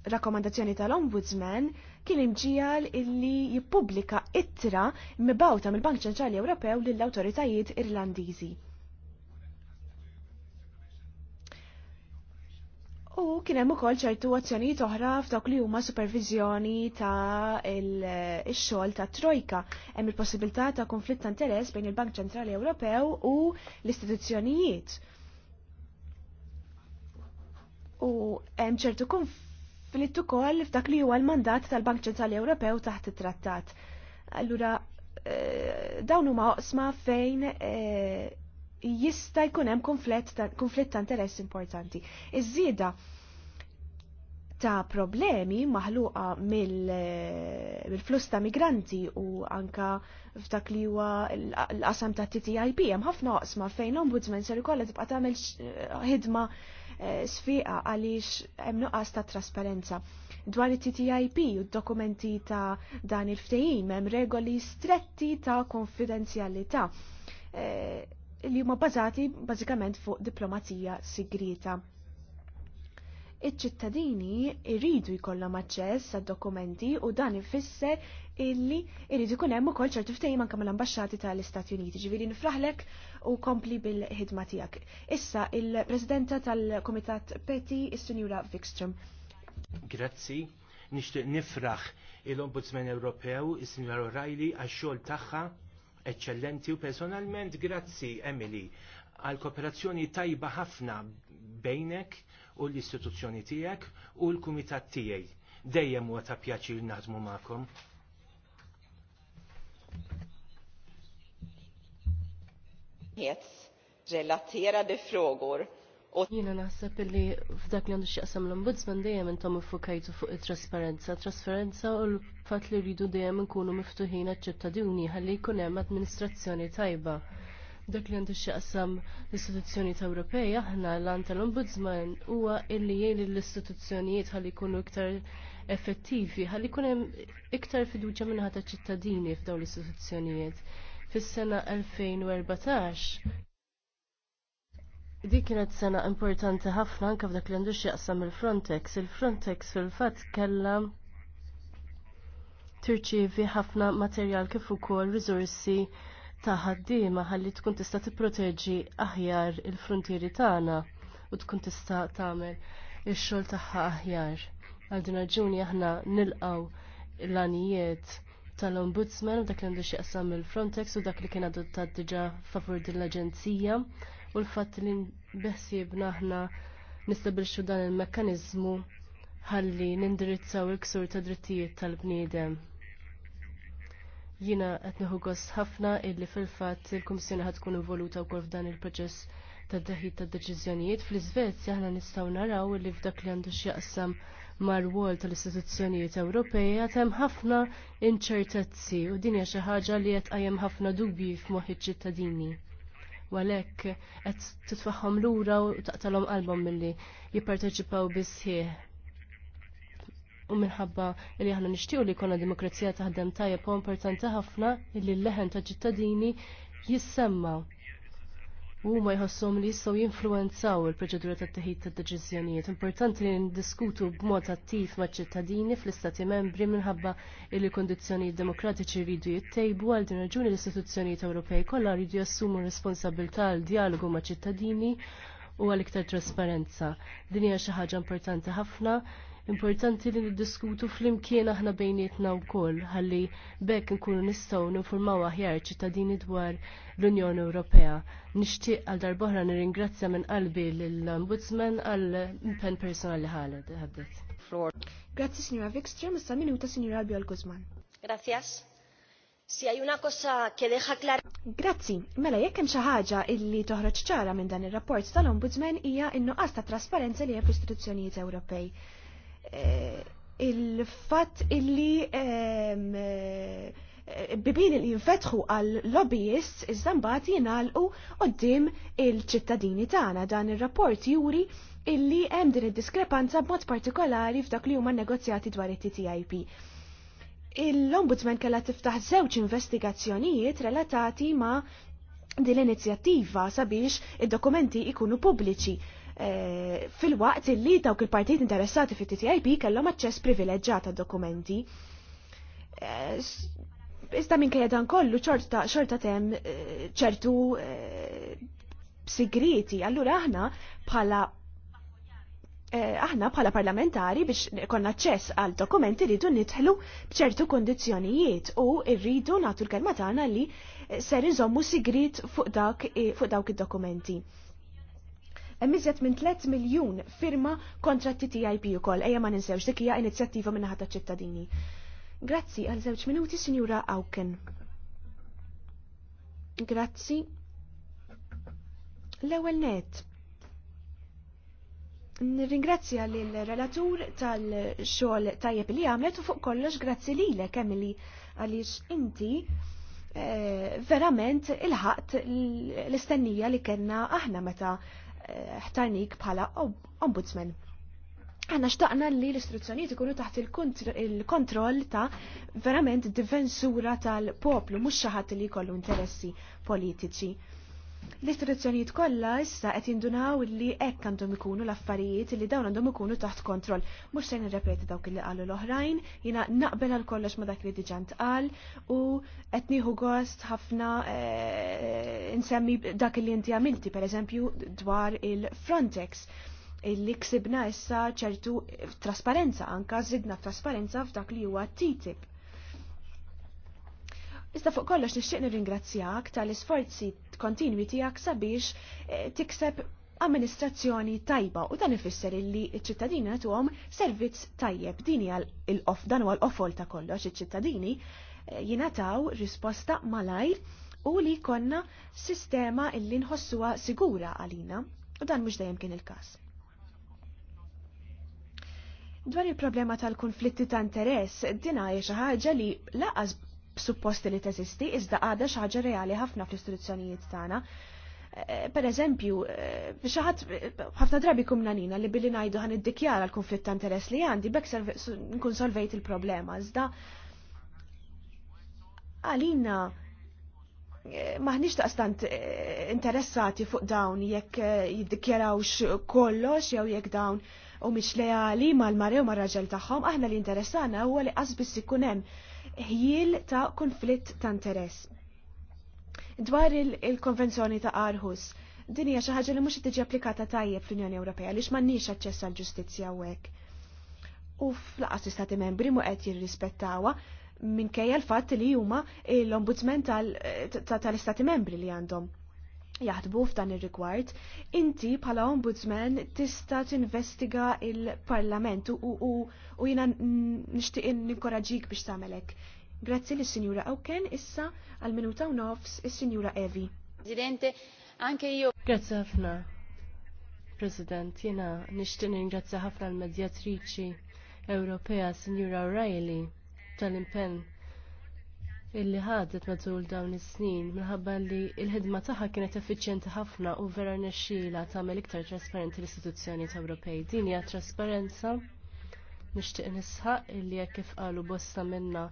rakkomandazzjoni tal-Ombudsman kien imġijal illi jippubblika ittra mibawta mill-Bank Ċentrali Ewropew lill-awtoritajiet Irlandiżi. U kien hemm ukoll ċertu azzjonijiet oħra f'dawk li huma supervizjoni ta' il-xogħol ta' Trojka. Hemm il-possibilità ta' konflitt ta' interess bejn il-Bank Ċentrali Ewropew u l-istituzzjonijiet. U hemm ċertu konflitt fil-ittu kol f'dak li huwa l-mandat tal-Bank Ċentrali Ewropew taħt it-trattat. Allura, eh, dawn huma oqsma fejn eh, jista' jkun hemm konflitt ta' interess importanti. Iż-żieda ta' problemi maħluqa eh, mill-flus ta' migranti u anka f'dak li huwa l-qasam ta' TTIP hemm ħafna oqsma fejn ombudsman ser ikolla tibqa' tagħmel ħidma Eh, sfiqa għaliex hemm nuqqas ta' trasparenza. Dwar it-TTIP u d-dokumenti ta' dan il-ftehim hemm regoli stretti ta' konfidenzjalità eh, li huma bażati bażikament fuq diplomazija sigrita iċ-ċittadini irridu jkollhom aċċess għad-dokumenti u dan ifisser illi jridu jkun hemm ukoll ċertu ftehim anke mal-ambaxxati tal-Istati Uniti. Ġifieri nifraħlek u kompli bil-ħidma tijak. Issa, il-Presidenta tal-Komitat Peti, il-Sinjura Vikström. Grazzi, nishtiq nifraħ il-Ombudsman Ewropew, il-Sinjura O'Reilly, għax-xogħol tagħha eccellenti u personalment grazzi Emily għal kooperazzjoni tajba ħafna bejnek u l-istituzzjoni tijak u l-kumitat tijaj. Dejjem huwa ta' pjaċir naħdmu magħkom. relaterade frågor. Jina naħseb li f'dak li għandu xieqsam l-ombudsman dejjem intom iffokajtu fuq it-trasparenza. Trasparenza u l-fat li rridu dejjem nkunu miftuħin għaċ-ċittadini ħalli jkun hemm amministrazzjoni tajba. Dak li għandu xieqsam l-istituzzjoni ta' Ewropej aħna l-għan tal-ombudsman huwa illi jgħin l-istituzzjonijiet ħalli jkunu iktar effettivi, ħalli jkun hemm iktar fiduċja minħata ċittadini f'dawn l-istituzzjonijiet fis-sena 2014 Dik kienet sena importanti ħafna anke f'dak li għandu jaqsam il-Frontex. Il-Frontex fil-fatt kellha tirċievi ħafna materjal kif ukoll riżorsi ta' ħaddiema ħalli tkun tista' tipproteġi aħjar il-frontieri tagħna u tkun tista' tagħmel ix-xogħol tagħha aħjar. Għal din raġuni aħna nilqgħu l-għanijiet tal-Ombudsman u dak li għandu xieqsam il-Frontex u dak li kien adottat diġa favur din l-Aġenzija u l-fatt li beħsieb naħna nistabilxu dan il-mekkanizmu ħalli nindirizzaw il-ksur ta' drittijiet tal-bniedem. Jina qed nieħu gost ħafna illi fil-fatt il-Kummissjoni ħad tkun involuta wkoll f'dan il-proċess tad-daħid tad-deċiżjonijiet fl-Iżvezja aħna nistgħu naraw illi f'dak li għandu x'jaqsam mar-wol tal-istituzzjonijiet Ewropej għad hemm ħafna inċertezzi u din hija xi ħaġa li qed qajjem ħafna dubji f'moħħ iċ-ċittadini. U għalhekk qed titfaħħom lura u taqtalhom qalbhom milli jipparteċipaw bisħieħ u minħabba li aħna nixtiequ li jkollna demokrazija taħdem tajjeb u importanti ħafna li l-leħen ta' ċittadini jissemma' u ma jħossom li jistgħu jinfluenzaw il-proċedura tat teħid tad deċiżjonijiet. Importanti li ndiskutu b'mod attiv ma' ċittadini fl-istati membri minħabba li kondizzjonijiet demokratiċi rridu jittejbu għal din raġuni l-istituzzjonijiet Ewropej kollha jridu jassumu responsabilità għal dialogu ma' ċittadini u għal iktar trasparenza. Din hija xi ħaġa importanti ħafna Importanti li niddiskutu flimkien aħna bejnietna wkoll ħalli bekk nkunu nistgħu ninformaw aħjar ċittadini dwar l-Unjoni Ewropea. Nixtieq għal darbohra nirringrazzja minn qalbi lill-Ombudsman għal impenn personali ħaled Grazie, Grazzi Signora Vikstrom, issa minuta Signora Albiol Guzman. Grazie. Si hai una cosa che deja clara. Grazzi, mela jekk hemm xi ħaġa illi toħroġ ċara minn dan ir-rapport tal-Ombudsman hija n-nuqqas ta' trasparenza li hemm fl-istituzzjonijiet Ewropej. Eh, il-fatt illi eh, bibin li jinfetħu għal lobbyists iż-żambat jingħalqu qoddim il-ċittadini tagħna dan ir-rapport juri illi hemm din id-diskrepanza b'mod partikolari f'dak li huma negozjati dwar it-TTIP. Il-Ombudsman kellha tiftaħ żewġ investigazzjonijiet relatati ma' din l-inizjattiva sabiex id-dokumenti ikunu pubbliċi Eh, fil-waqt li dawk il-partijiet interessati fit-TTIP kellhom aċċess privileġġjat għad dokumenti. Eh, iżda minn dan kollu ċorta xorta tem eh, ċertu sigriti, allura aħna bħala aħna bħala parlamentari biex konna ċess għal dokumenti rridu nitħlu bċertu kondizjonijiet u rridu natu l-kelma tagħna li ser iżommu sigrit fuq dawk id-dokumenti hemm minn 3 miljun firma kontra TTIP ukoll ejja ma ninsewx dik hija inizjattiva minna ħata ċittadini. Grazzi għal żewġ minuti, Sinjura Auken. Grazzi. L-ewwel net. Nirringrazzja l-relatur tal-xogħol tajjeb li għamlet u fuq kollox grazzi lilek hemm li għaliex inti eh, verament ilħaqt l-istennija li kellna aħna meta ħtarnik bħala ombudsman. Għanna xtaqna li l-istruzzjonijiet ikunu taħt il-kontroll ta' verament difensura tal-poplu, mux xaħat li kollu interessi politiċi. L-istituzzjonijiet kollha issa qed jindunaw li hekk għandhom ikunu l-affarijiet li dawn għandhom ikunu taħt kontroll. Mhux se nirrepeti dawk li qalu l-oħrajn, jiena naqbel għal kollox ma dak li diġà ntqal u qed nieħu gost ħafna eh, insemmi dak li inti għamilti pereżempju dwar il-Frontex illi ksibna issa ċertu trasparenza, anka zidna trasparenza f'dak li huwa TTIP Iżda fuq kollox nixtieq nirringrazzjak tal-isforzi kontinwi tiegħek sabiex eh, tikseb amministrazzjoni tajba u dan ifisser illi iċ-ċittadini nagħtuhom servizz tajjeb din hija l-off dan huwa l-offol ta' kollox iċ-ċittadini eh, jingħataw risposta malajr u li konna sistema illi nħossuha sigura għalina u dan mhux dejjem kien il-każ. Dwar il-problema tal-konflitti ta' interess, dina hija xi ħaġa li laqas suppost li teżisti iżda għadha xi ħaġa reali ħafna fl-istituzzjonijiet tagħna. Eh, per eżempju, eh, xi ħadd ħafna drabi kumnanina li billi ngħidu ħan iddikjara l-konflitt ta' interess li għandi bekk nkun solvejt il-problema iżda għalina eh, maħniċ stant interessati fuq dawn jekk jiddikjarawx kollox jew jekk dawn u miex lejali mal-mare u mar-raġel tagħhom aħna li interessana huwa li qasbis ikun hemm ħjil ta' konflitt ta' interess. Dwar il-konvenzjoni ta' Arhus, din hija xi ħaġa li mhux tiġi applikata tajjeb fl-Unjoni Ewropea għaliex m'għandniex aċċess għall ġustizzja hawnhekk. U fl-qas istati membri mu qed jirrispettawha minkejja l-fatt li huma l-ombudsman tal-istati membri li għandhom jaħdbu f'dan ir-rigward, inti bħala ombudsman tista' tinvestiga il-Parlament u, u, u jiena nixtieq ninkoraġik biex tagħmelek. Grazzi lis sinjura Awken, issa għal minuta u nofs is-Sinjura Evi. Presidente, anke io. Grazzi ħafna. President, jiena nixtieq ningrazzja ħafna l-Medjatriċi Ewropea Sinjura O'Reilly tal-impenn illi ħadet matul dawn is-snin minħabba li l-ħidma tagħha kienet effiċjenti ħafna u vera nexxiela tagħmel iktar trasparenti l-istituzzjoni ta' Ewropej. Din hija trasparenza nixtieq nisħaq illi hekk kif qalu bosta minna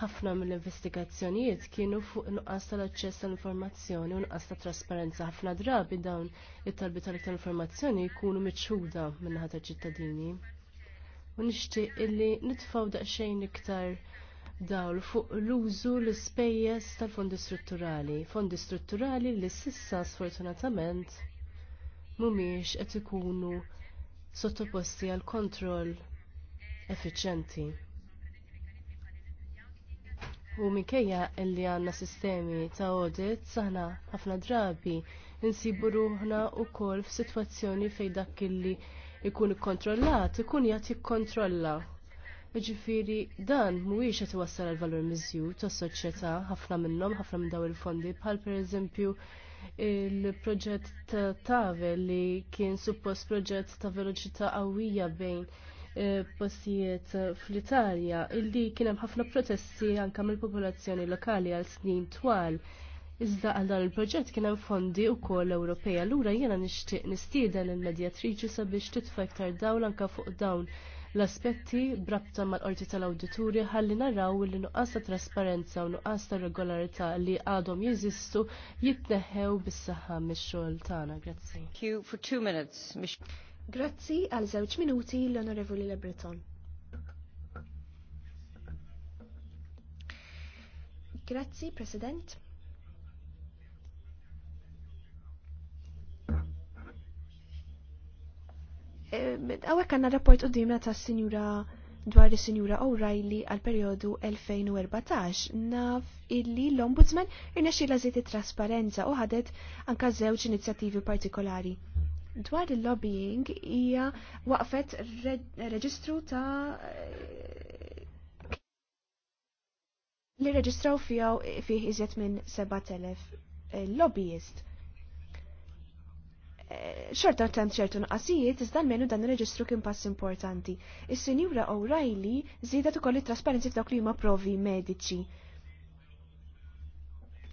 ħafna mill-investigazzjonijiet kienu fuq nuqqas tal-aċċess tal-informazzjoni u nuqqas ta' trasparenza ħafna drabi dawn it-talbi tal-iktar informazzjoni jkunu miċħuda minnaħa ta' ċittadini. U nixtieq illi nitfgħu daqsxejn iktar dawl fuq l-użu l-ispejjeż tal-fondi strutturali. Fondi strutturali li sissa sfortunatament mhumiex qed ikunu sottoposti għal kontroll effiċjenti. U minkejja li għandna sistemi ta' audit saħna ħafna drabi insibu ruħna wkoll f'sitwazzjoni fejn dak illi ikun ikkontrollat ikun jagħti kontrolla Iġifiri, dan mhuwiex qed iwassal il-valur miżjud tas-soċjetà ħafna minnhom, ħafna minn daw il-fondi bħal pereżempju il-proġett ta' Tavel li kien suppost proġett ta' veloċità qawwija bejn e, postijiet fl-Italja illi kien hemm ħafna protesti anke mill-popolazzjoni lokali għal snin twal. Iżda għal dan il-proġett kien hemm fondi wkoll Ewropea. Lura jiena nixtieq nistieden il-medjatriċi sabiex titfa' iktar dawl anke fuq dawn l-aspetti brabta mal-qorti tal-awditurja ħalli naraw li nuqqas ta' trasparenza u nuqqas ta' regolarità li għadhom jeżistu jitneħħew bis-saħħa mix-xogħol tagħna. Grazzi. Grazzi għal żewġ minuti l-Onorevoli Le Breton. Grazzi, President. Għawek għanna rapport u dimna ta' sinjura dwar is sinjura O'Reilly għal periodu 2014. Naf illi l-Ombudsman irnexxila żiet trasparenza u ħadet anka zewċ inizjattivi partikolari. Dwar il-lobbying hija waqfet reġistru ta' li reġistraw fijaw fih iżjed minn 7000 eh, lobbyist xorta tant ċertu nqasijiet iżda menu dan ir-reġistru kien pass importanti. Is-Sinjura O'Reilly żiedet ukoll it-trasparenzi f'dawk li huma provi mediċi.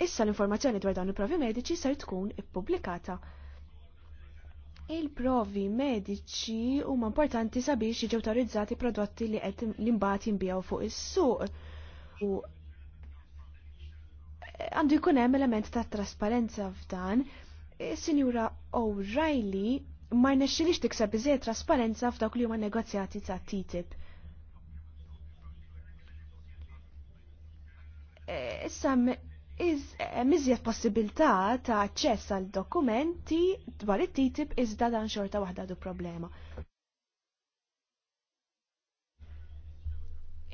Issa l-informazzjoni dwar dawn il-provi mediċi ser tkun ippubblikata. Il-provi mediċi huma importanti sabiex jiġu autorizzati prodotti li qed l-imbagħad jinbijaw fuq is-suq u għandu jkun hemm element ta' trasparenza f'dan Sinjura O'Reilly ma rnexxilix tikseb biżejjed trasparenza f'dawk li huma negozjati ta' TTIP. E, issa e, miżjed possibilità ta' aċċess għal dokumenti dwar it-TTIP iżda dan xorta waħda du problema.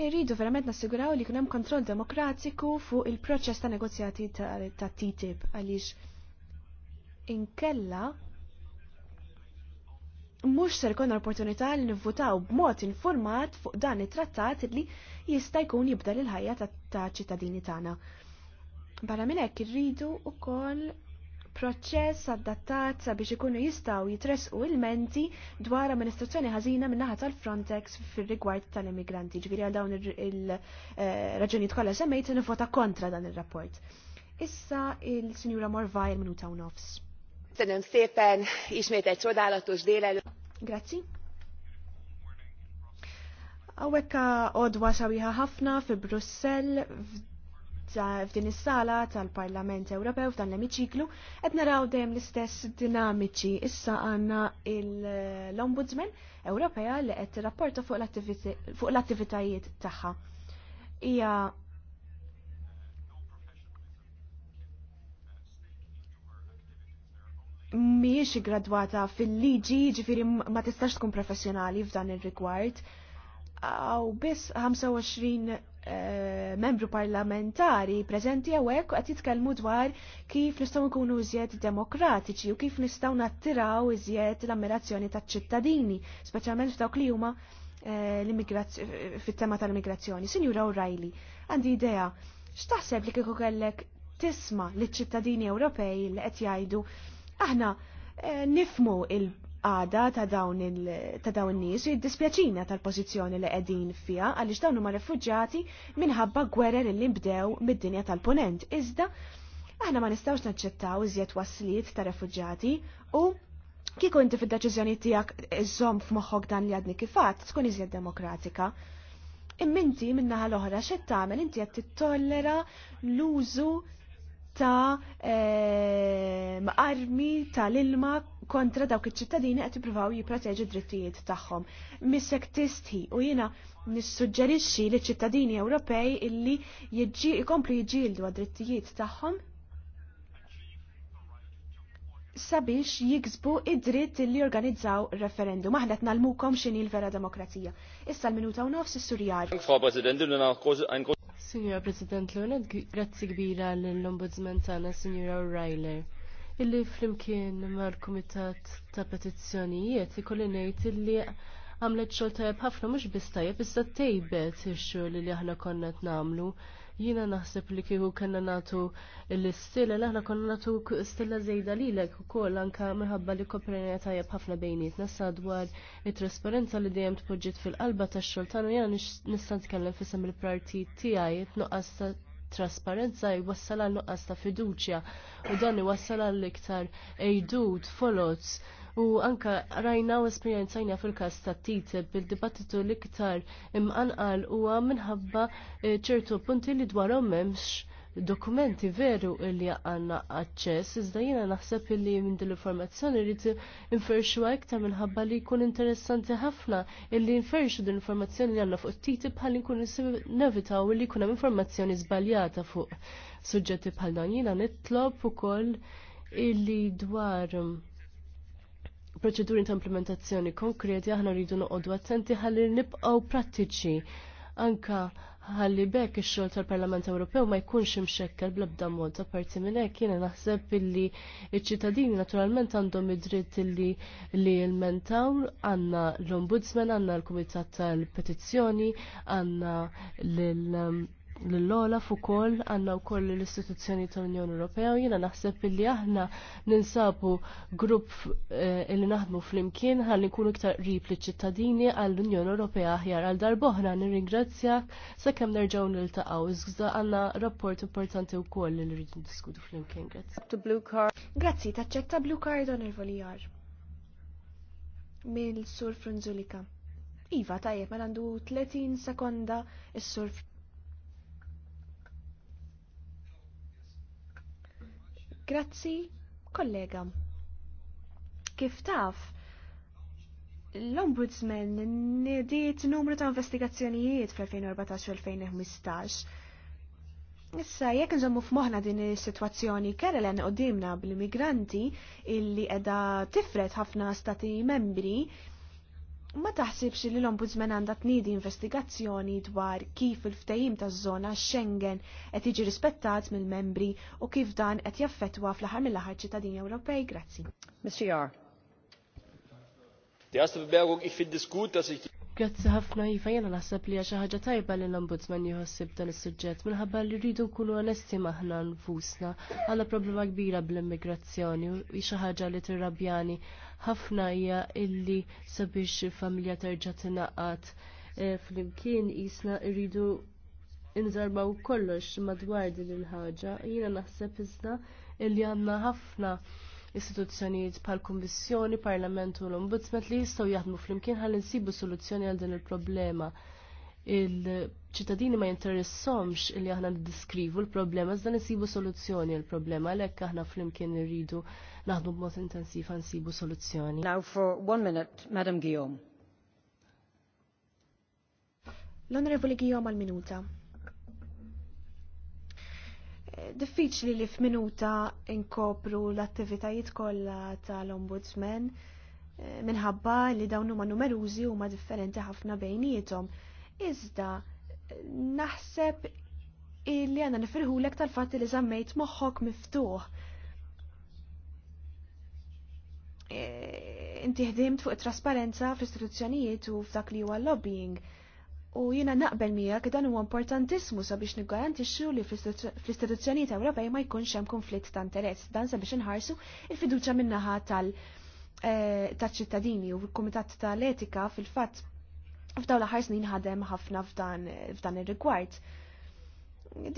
Irridu verament nassiguraw li kunem kontroll demokratiku fuq il-proċess ta' negozjati ta' TTIP għaliex inkella mhux ser l opportunità li nivvutaw b'mod informat fuq dan it-trattat li jista' jkun jibdel il-ħajja ta' ċittadini tagħna. Barra minn hekk irridu wkoll proċess adattat sabiex ikunu jistgħu jitresqu il-menti dwar amministrazzjoni ħażina min-naħa tal-Frontex fir-rigward tal-immigranti. Ġifieri għal dawn il-raġunijiet eh, kollha semmejt nifota kontra dan ir-rapport. Issa il-Sinjura Morvaj il-minuta u nofs. Köszönöm ismét egy csodálatos délelőtt. Grazie. odwa xawiħa ħafna fi Brussell f'din is-sala tal-Parlament Ewropew f'dan l-emiċiklu qed naraw dejjem l-istess dinamiċi. Issa għandna l-Ombudsman Ewropea li qed tirrapporta fuq l-attivitajiet tagħha. Hija miex graduata fil-liġi, ġifiri ma tistax tkun professjonali f'dan il-rigward. Għaw bis 25 eh, membru parlamentari prezenti għawek għat jitkelmu dwar kif nistaw nkunu iżjed demokratiċi u kif nistaw nattiraw iżjed l-ammirazzjoni ta' ċittadini, speċjalment f'dawk li huma eh, fit-tema tal-immigrazzjoni. Sinjura O'Reilly, għandi idea, x'taħseb li kieku kellek tisma' li ċittadini Ewropej li qed jgħidu Aħna eh, nifmu il-għada ta' dawn il-nies u jiddispjaċina tal-pożizzjoni li qegħdin fija għaliex dawn huma refuġjati minħabba gwerer li nbdew mid-dinja tal-punent. Iżda aħna ma nistgħux naċċettaw iżjed wasliet ta' refuġġjati. u kieku inti fid-deċiżjoni tiegħek iżżomm f'moħħok dan li għadni kifat tkun iżjed demokratika. Imminti minnaħa l-oħra xed tagħmel inti qed tittollera l-użu ta' eh, armi tal-ilma kontra dawk iċ-ċittadini qed jippruvaw jipproteġu drittijiet tagħhom. Missek tisti u jiena nissuġġerixxi li ċittadini Ewropej illi jiġġi jkomplu jiġġieldu għad-drittijiet tagħhom sabiex jiksbu id-dritt li jorganizzaw referendum. Aħna tnalmukom x'inhi l-vera demokrazija. Issa l-minuta u nofs is-Surjar. Signora President Leonard, grazzi kbira l-Ombudsman tagħna Signora O'Reilly. Illi flimkien mal-Kumitat ta' Petizzjonijiet ikolli ngħid illi għamlet xogħol tajjeb ħafna mhux biss tajjeb iżda tejbet ix-xogħol li aħna konna qed nagħmlu Jiena naħseb li kieku kellna nagħtu l-istilla, aħna konna nagħtu stilla żejda lilek ukoll anke minħabba li koprenja tajjeb ħafna bejniet sa dwar it-trasparenza li dejjem tpoġġiet fil-qalba tax-xogħol u jiena nista' nitkellem fissam il-partit tiegħi nuqqas ta' trasparenza jwassal għal nuqqas ta' fiduċja u dan iwassal l iktar ejdud folots U anka rajna u esperjenzajna fil-kas ta' tite bil-dibattitu l-iktar imqanqal u minħabba eh, ċertu punti li dwarhom memx dokumenti veru li għanna għacċess, iżda jena naħseb illi minn dil l-informazzjoni t inferxu iktar minħabba li jkun interessanti ħafna illi inferxu din l-informazzjoni li għanna fuq TTIP bħal nkun nevitaw li jkun hemm informazzjoni żbaljata fuq suġġetti bħal dan jiena nitlob ukoll illi dwar proċeduri ta' implementazzjoni konkreti aħna rridu noqogħdu attenti ħalli nibqgħu prattiċi anka ħalli bekk ix-xogħol tal-Parlament Ewropew ma jkunx imxekkel bl-ebda mod apparti minn hekk jiena naħseb illi iċ-ċittadini naturalment għandhom id-dritt illi li jilmentaw għandna l-Ombudsman, għandna l-Kumitat tal-Petizzjoni, għandna l l-lola kol għanna u koll l-istituzzjoni tal-Unjoni Ewropea u jina naħseb li aħna ninsabu grupp eh, li naħdmu fl-imkien għal nkunu iktar qrib li ċittadini għall-Unjoni Ewropea aħjar għal darboħna nirringrazzjak sakemm nerġgħu niltaqgħu iżgżda għandna rapport importanti wkoll li rridu ndiskutu fl-imkien. Grazzi. taċċetta blue card il-voljar. Mill-Sur Frunzulika. Iva, tajjeb, ma mela għandu 30 sekonda il sur Grazzi, kollega. Kif taf, l-Ombudsman nediet numru ta' investigazzjonijiet fl-2014-2015. Issa, jekk nżommu f'moħna din is-sitwazzjoni Kerelen dimna bl-immigranti illi qiegħda tifret ħafna stati membri ma taħsibx li l-Ombudsman għandha tniedi investigazzjoni dwar kif il-ftehim taż-żona Schengen qed jiġi rispettat mill-membri u kif dan qed jaffettwa fl-aħħar mill-aħħar ċittadini Ewropej. Grazzi. Mr. Grazzi ħafna Iva, jena naħseb li xi ħaġa tajba li l-Ombudsman jħossib dan is-suġġett minħabba li rridu nkunu onesti maħna nfusna għandha problema kbira bl-immigrazzjoni u xi ħaġa li tirrabjani ħafna hija illi sabiex il-familja terġa' tingħaqad eh, flimkien jisna rridu inżarbaw kollox madwar din il-ħaġa. Jiena naħseb iżda illi għandna ħafna istituzzjonijiet bħal kummissjoni Parlamentu u l-Ombudsman li jistgħu jaħdmu flimkien ħalli nsibu soluzzjoni għal din il-problema. Il-ċittadini ma jinteressomx li aħna niddiskrivu l-problema, iżda nsibu soluzzjoni l problema għalhekk aħna flimkien irridu naħdu b'mod intensiv nsibu soluzzjoni. Now for one minute, Madam Guillaume. L-Onorevoli Guillaume għal-minuta. Diffiċli li f'minuta inkopru l-attivitajiet kollha tal-Ombudsman eh, minħabba li dawn huma numerużi huma differenti ħafna bejnietom. Iżda naħseb illi għanna nifirħulek tal-fatt li zammejt moħħok miftuħ E, inti ħdimt fuq trasparenza fl-istituzzjonijiet u f'dak li huwa lobbying. U jiena naqbel miegħek dan huwa importantissimu sabiex niggarantixxu li fl-istituzzjonijiet Ewropej ma jkunx hemm konflitt ta' interess dan sabiex inħarsu il-fiduċja min-naħa tal- e, ċittadini u l-Kumitat tal-Etika fil-fatt f'dawn l-aħħar snin ħadem ħafna f'dan ir-rigward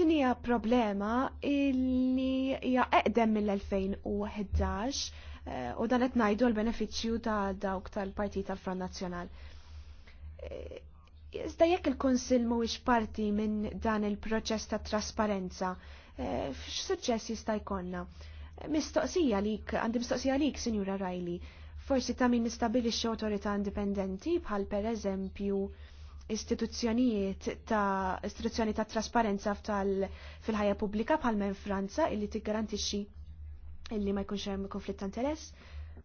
din hija problema li hija eqdem mill-2011 Eh, u dan qed ngħidu l-benefiċċju ta' dawk tal-Partit tal-Front Nazzjonal. Eh, iżda jekk il-Konsil mhuwiex parti minn dan il-proċess ta' trasparenza, x'suċċess eh, jista' jkollna? Mistoqsija lik, għandi mistoqsija lik, Sinjura Rajli, forsi ta' min nistabilixxi awtorità indipendenti bħal pereżempju istituzzjonijiet ta' istituzzjoni ta' trasparenza fil-ħajja pubblika bħal men Franza illi tiggarantixxi illi ma jkunx hemm konflitt ta' interess.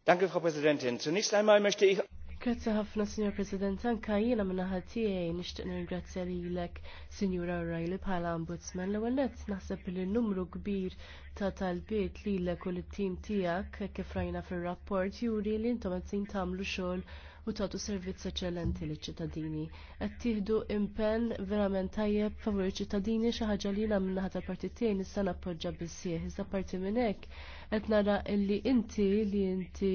Danke, Frau Präsidentin. Zunächst einmal möchte ich Grazzi ħafna, Signor President, anka jiena minna ħatijaj nishtiq nirgrazzja lilek, Signora O'Reilly, bħala Ombudsman. L-ewwel naħseb li n-numru kbir ta' talbiet lilek u l-tim tiegħek kif rajna fir-rapport juri li intom qed tagħmlu xogħol u tagħtu servizz eċellenti liċ-ċittadini. Qed tieħdu impenn verament tajjeb favur iċ-ċittadini xi ħaġa li jiena minnaħa tal-partit tiegħi nista' nappoġġa bissieħ. Iżda parti minn hekk qed nara li inti li inti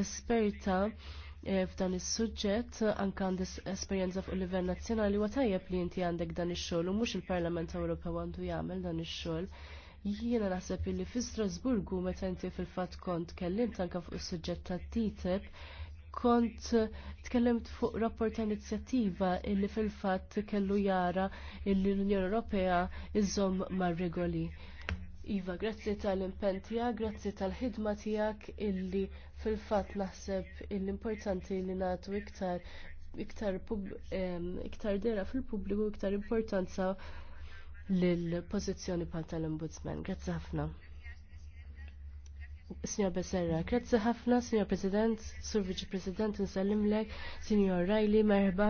esperta eh, f'dan is-suġġett anke għandek esperjenza fuq livell nazzjonali huwa tajjeb li inti għandek dan ix-xogħol u mhux il-Parlament Ewropew għandu jagħmel dan ix xogħol Jiena naħseb illi fi Strasburgu meta inti fil-fatt kont kellimt anke fuq is-suġġett tat-TTIP e kont tkellimt fuq rapport ta' inizjattiva illi fil-fatt kellu jara illi l-Unjoni Ewropea iżomm mar-regoli. Iva, grazzi tal impentija grazzi tal-ħidma tijak illi fil fatt naħseb l-importanti li natu iktar iktar, pub, iktar dera fil-pubbliku iktar importanza l-pozizjoni pal tal-ombudsman. Grazzi ħafna. Signor Becerra, grazie ħafna, Signor President, Sur Vice President, lek, Signor Riley, merba.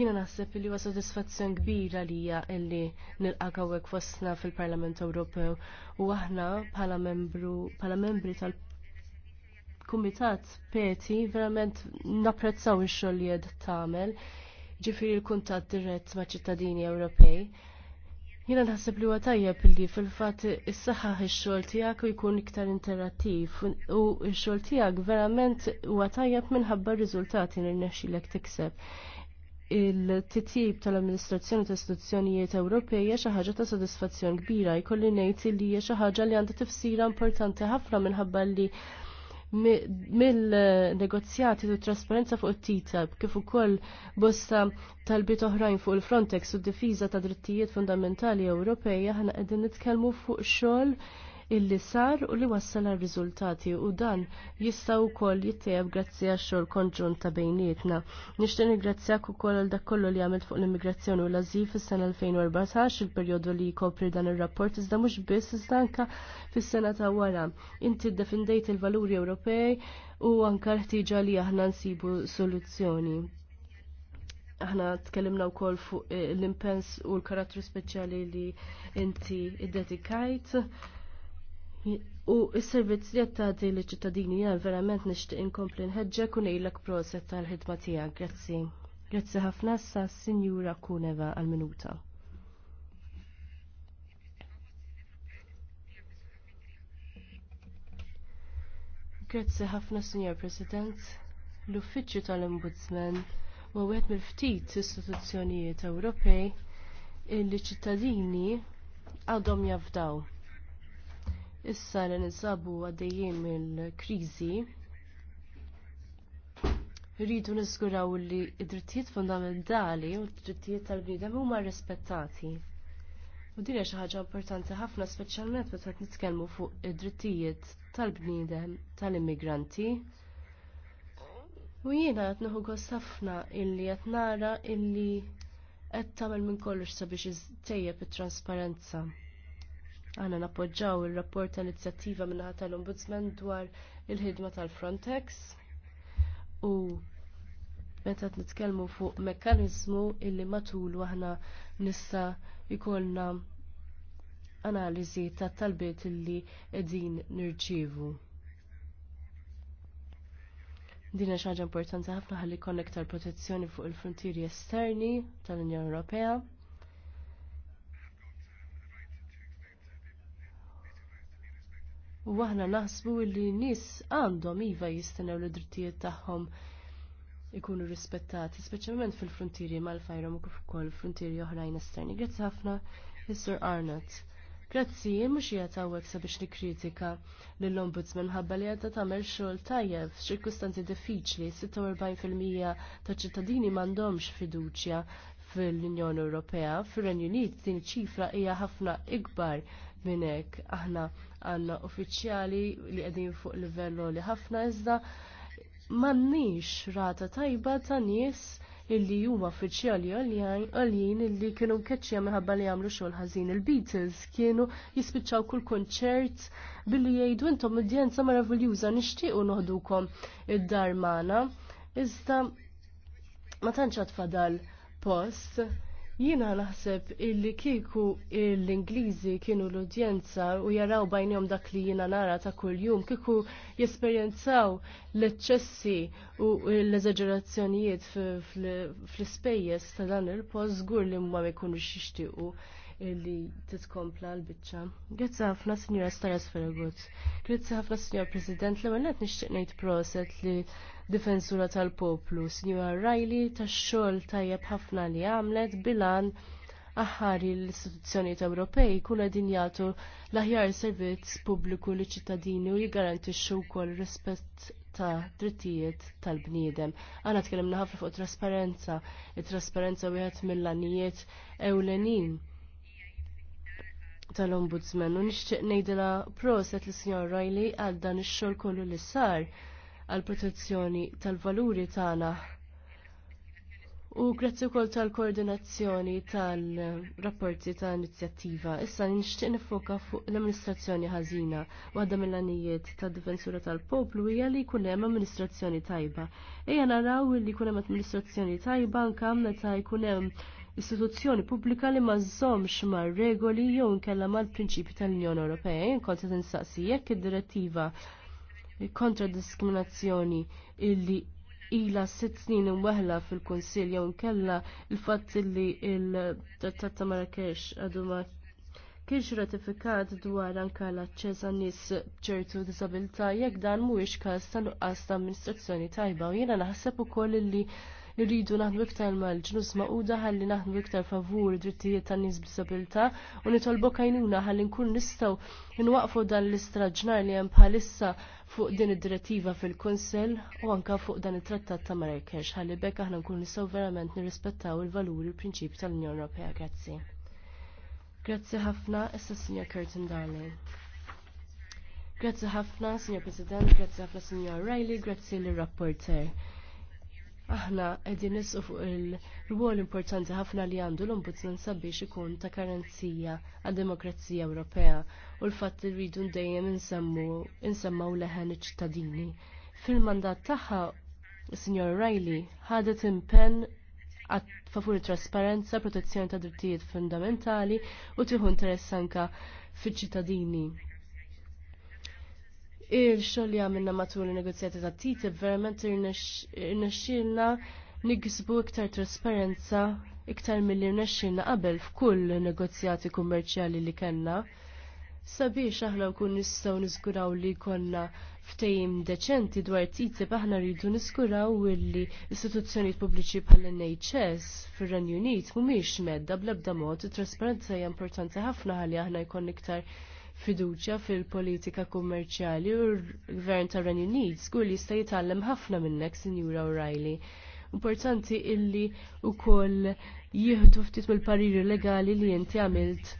Jina naħseb li huwa sodisfazzjon kbira lija illi nilqaka hekk fostna fil-Parlament Ewropew u aħna bħala membru bħala membri tal kumitat peti verament napprezzaw ix-xogħol li qed tagħmel ġifieri l-kuntatt dirett ma' ċittadini Ewropej Jina naħseb li għatajjeb li fil-fat is saħħaħ il xol tijak u jkun iktar interattiv u x-xol tijak verament u għatajjeb minħabba rizultati nirnexi l tikseb. il titib tal-amministrazzjoni ta' istituzzjonijiet Ewropej hija xi ħaġa ta' sodisfazzjon kbira jkolli ngħid li hija xi ħaġa li għandha tifsira importanti ħafna minħabba li mill-negozjati u trasparenza fuq it tita kif ukoll bosta talbiet oħrajn fuq il-Frontex u d-difiża ta' drittijiet fundamentali Ewropej aħna qegħdin nitkellmu fuq xogħol illi sar u li wassal riżultati u dan jista' wkoll jittejjeb grazzi għax-xogħol konġunt ta' bejnietna. Nixtieq u ukoll għal dak kollu li għamilt fuq l-immigrazzjoni u l-ażil fis-sena 2014 il-perjodu li jkopri dan ir-rapport iżda mhux biss iżda anke fis-sena ta' wara. Inti ddefendejt il-valuri Ewropej u anke ħtiġa li aħna nsibu soluzzjoni aħna tkellimna wkoll fuq eh, l-impens u l-karattru speċjali li inti id-dedikajt. U s-servizz li għattati li ċittadini jgħal verament nishtiq inkompli nħedġek u nejlek proset tal-ħidma tijak. Grazzi. Grazzi ħafna sa Sinjura Kuneva għal-minuta. Grazzi ħafna Signor President. L-Uffiċċju tal-Ombudsman u wieħed mill-ftit istituzzjonijiet Ewropej illi ċittadini għadhom jafdaw Issa li ninsabu għaddejjien mill-kriżi rridu niskuraw li id-drittijiet fundamentali u d-drittijiet tal-bniedem huma rispettati. U din hija xi ħaġa importanti ħafna speċjalment meta qed nitkellmu fuq id-drittijiet tal-bniedem tal-immigranti. U jiena qed nieħu gost ħafna illi qed nara illi qed tagħmel minn kollox sabiex tejjeb it-trasparenza. Għana nappoġġaw il-rapport ta' inizjattiva minna tal-Ombudsman dwar il-ħidma tal-Frontex u meta nitkellmu fuq mekkanizmu illi matul waħna nista jkollna analiżi ta' talbiet illi qegħdin nirċievu. Din hija xi ħaġa importanti ħafna ħalli tal protezzjoni fuq il-frontieri esterni tal-Unjoni Ewropea. U aħna naħsbu li nis għandhom iva jistennew li drittijiet tagħhom ikunu rispettati, speċjalment fil-frontieri mal-fajrom u kif ukoll frontieri oħrajn esterni. Grazzi ħafna, is Arnott. Grazzi, mhux hija tawwek sabiex nikkritika lill-Ombudsman ħabba li għadha tagħmel xogħol tajjeb f'ċirkustanzi diffiċli, 46% ta' ċittadini m'għandhomx fiduċja fil-Unjoni Ewropea, fir-Renju Unit din ċifra hija ħafna ikbar minn hekk. Aħna għandna uffiċjali li qegħdin fuq livello li ħafna iżda m'għandniex rata tajba ta' nies illi juma uffiċjali għaljien illi kienu mkeċċija minħabba li jagħmlu xogħol ħażin. Il-Beatles kienu jispiċċaw kull konċert billi jgħidu intom udjenza maraviljuża nixtiequ noħdukom id-dar Iżda ma tantx fadal post Jina naħseb illi kiku l-Ingliżi kienu l-udjenza u jaraw bajnjom dak li jina nara ta' kuljum, kiku jesperjenzaw l-eċċessi u l-eżagġerazzjonijiet fl-ispejjeż ta' dan il-post żgur li ma jkunu xixtiequ illi titkompla l-biċċa. Grazzi ħafna Sinjora Staras Ferragut. Grazzi ħafna Sinjora President li ma nixtieq ngħid proset li difensura tal-poplu, Signora Riley, tax-xogħol tajjeb ħafna li għamlet bilan aħħari l-istituzzjonijiet Ewropej kuna din jagħtu l-aħjar servizz pubbliku li ċittadini u jiggarantixxu wkoll rispett ta' drittijiet tal-bniedem. Għana tkellimna ħafna fuq trasparenza, it-trasparenza wieħed mill għanijiet ewlenin tal-ombudsman u nixtieq ngħidilha proset l-Sinjor Riley għal dan ix-xogħol kollu li sar għal protezzjoni tal-valuri tagħna. U grazzi wkoll tal-koordinazzjoni tal-rapporti ta' inizjattiva. Issa nixtieq nifoka fuq l-amministrazzjoni ħażina. Waħda mill-għanijiet tad-Difensura tal-Poplu hija li jkun hemm amministrazzjoni tajba. Ejja naraw li jkun hemm amministrazzjoni tajba anke meta jkun hemm istituzzjoni pubblika li ma żommx mar regoli jew inkella mal-prinċipji tal-Unjoni Ewropea. Jien kont se tinsaqsi jekk id-direttiva kontra diskriminazzjoni illi ila sitt snin imweħla fil-Konsil jew nkella il-fatt li il-Trattat ta' Marrakesh għadu ma kienx ratifikat dwar anka l-aċċess għan nies b'ċertu disabilità jekk dan mhuwiex każ ta' nuqqas ta' amministrazzjoni tajba u jiena naħseb ukoll li irridu naħdmu iktar mal-ġnus maquda ħalli naħdmu iktar favur drittijiet tan-nies b'disabilità u nitolbok għajnuna ħalli nkun nistgħu nwaqfu dan l-istraġnar li hemm bħalissa fuq din id-direttiva fil-Kunsell u anka fuq dan it-Trattat ta' Marrakesh ħalli bekk aħna nkun nistgħu verament nirrispettaw il-valuri u l-prinċipji tal-Unjoni Ewropea. Grazzi. Grazzi ħafna, issa Sinja Curtin Darling. Grazzi ħafna, Sinjor President, grazzi ħafna, Sinjor Riley, grazzi l-rapporter. Aħna qegħdin nissu fuq il-rwol importanti ħafna li għandu l-Ombudsman sabiex ikun ta' karanzija għad-demokrazija Ewropea u l-fatt li rridu dejjem insemmu insemmaw leħen iċ-ċittadini. Fil-mandat tagħha, Signor Riley ħadet impenn favur trasparenza, protezzjoni ta' drittijiet fundamentali u tieħu interess anka fiċ-ċittadini il-xogħol li għamilna matul il-negozjati ta' TTIP verament irnexxielna nigisbu iktar trasparenza iktar mill-li rnexxielna qabel f'kull negozjati kummerċjali li kellna. Sabiex aħna kun nistgħu niżguraw li konna ftejim deċenti dwar TTIP aħna rridu niskuraw illi istituzzjoni pubbliċi bħall-NHS fir-Renju Unit mhumiex medda bl-ebda mod, it-trasparenza hija importanti ħafna ħalli aħna jkun iktar fiduċja fil-politika kummerċjali u l-gvern tar renju Unit skur li jista' jitgħallem ħafna minnek, Sinjura O'Reilly. Importanti illi wkoll jieħdu ftit mill-pariri legali li inti għamilt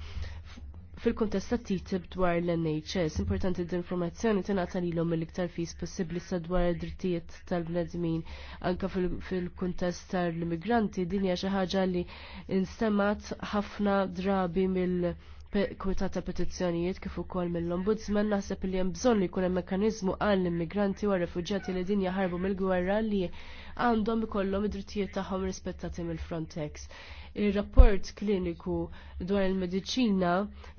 fil-kontest ta' TTIP dwar l-NHS, importanti d-informazzjoni tingħata lilhom l iktar fis possibbli sa dwar id-drittijiet tal-bnedmin anke fil-kontest tal-immigranti din hija xi ħaġa li instemat ħafna drabi mill- tal ta' Petizzjonijiet kif ukoll mill-Ombudsman naħseb li hemm bżonn li jkun hemm mekkaniżmu għal immigranti u rifuġjati li din jaħarbu mill-gwerra li għandhom ikollhom id-drittijiet tagħhom rispettati mill-Frontex il-rapport kliniku dwar il-medicina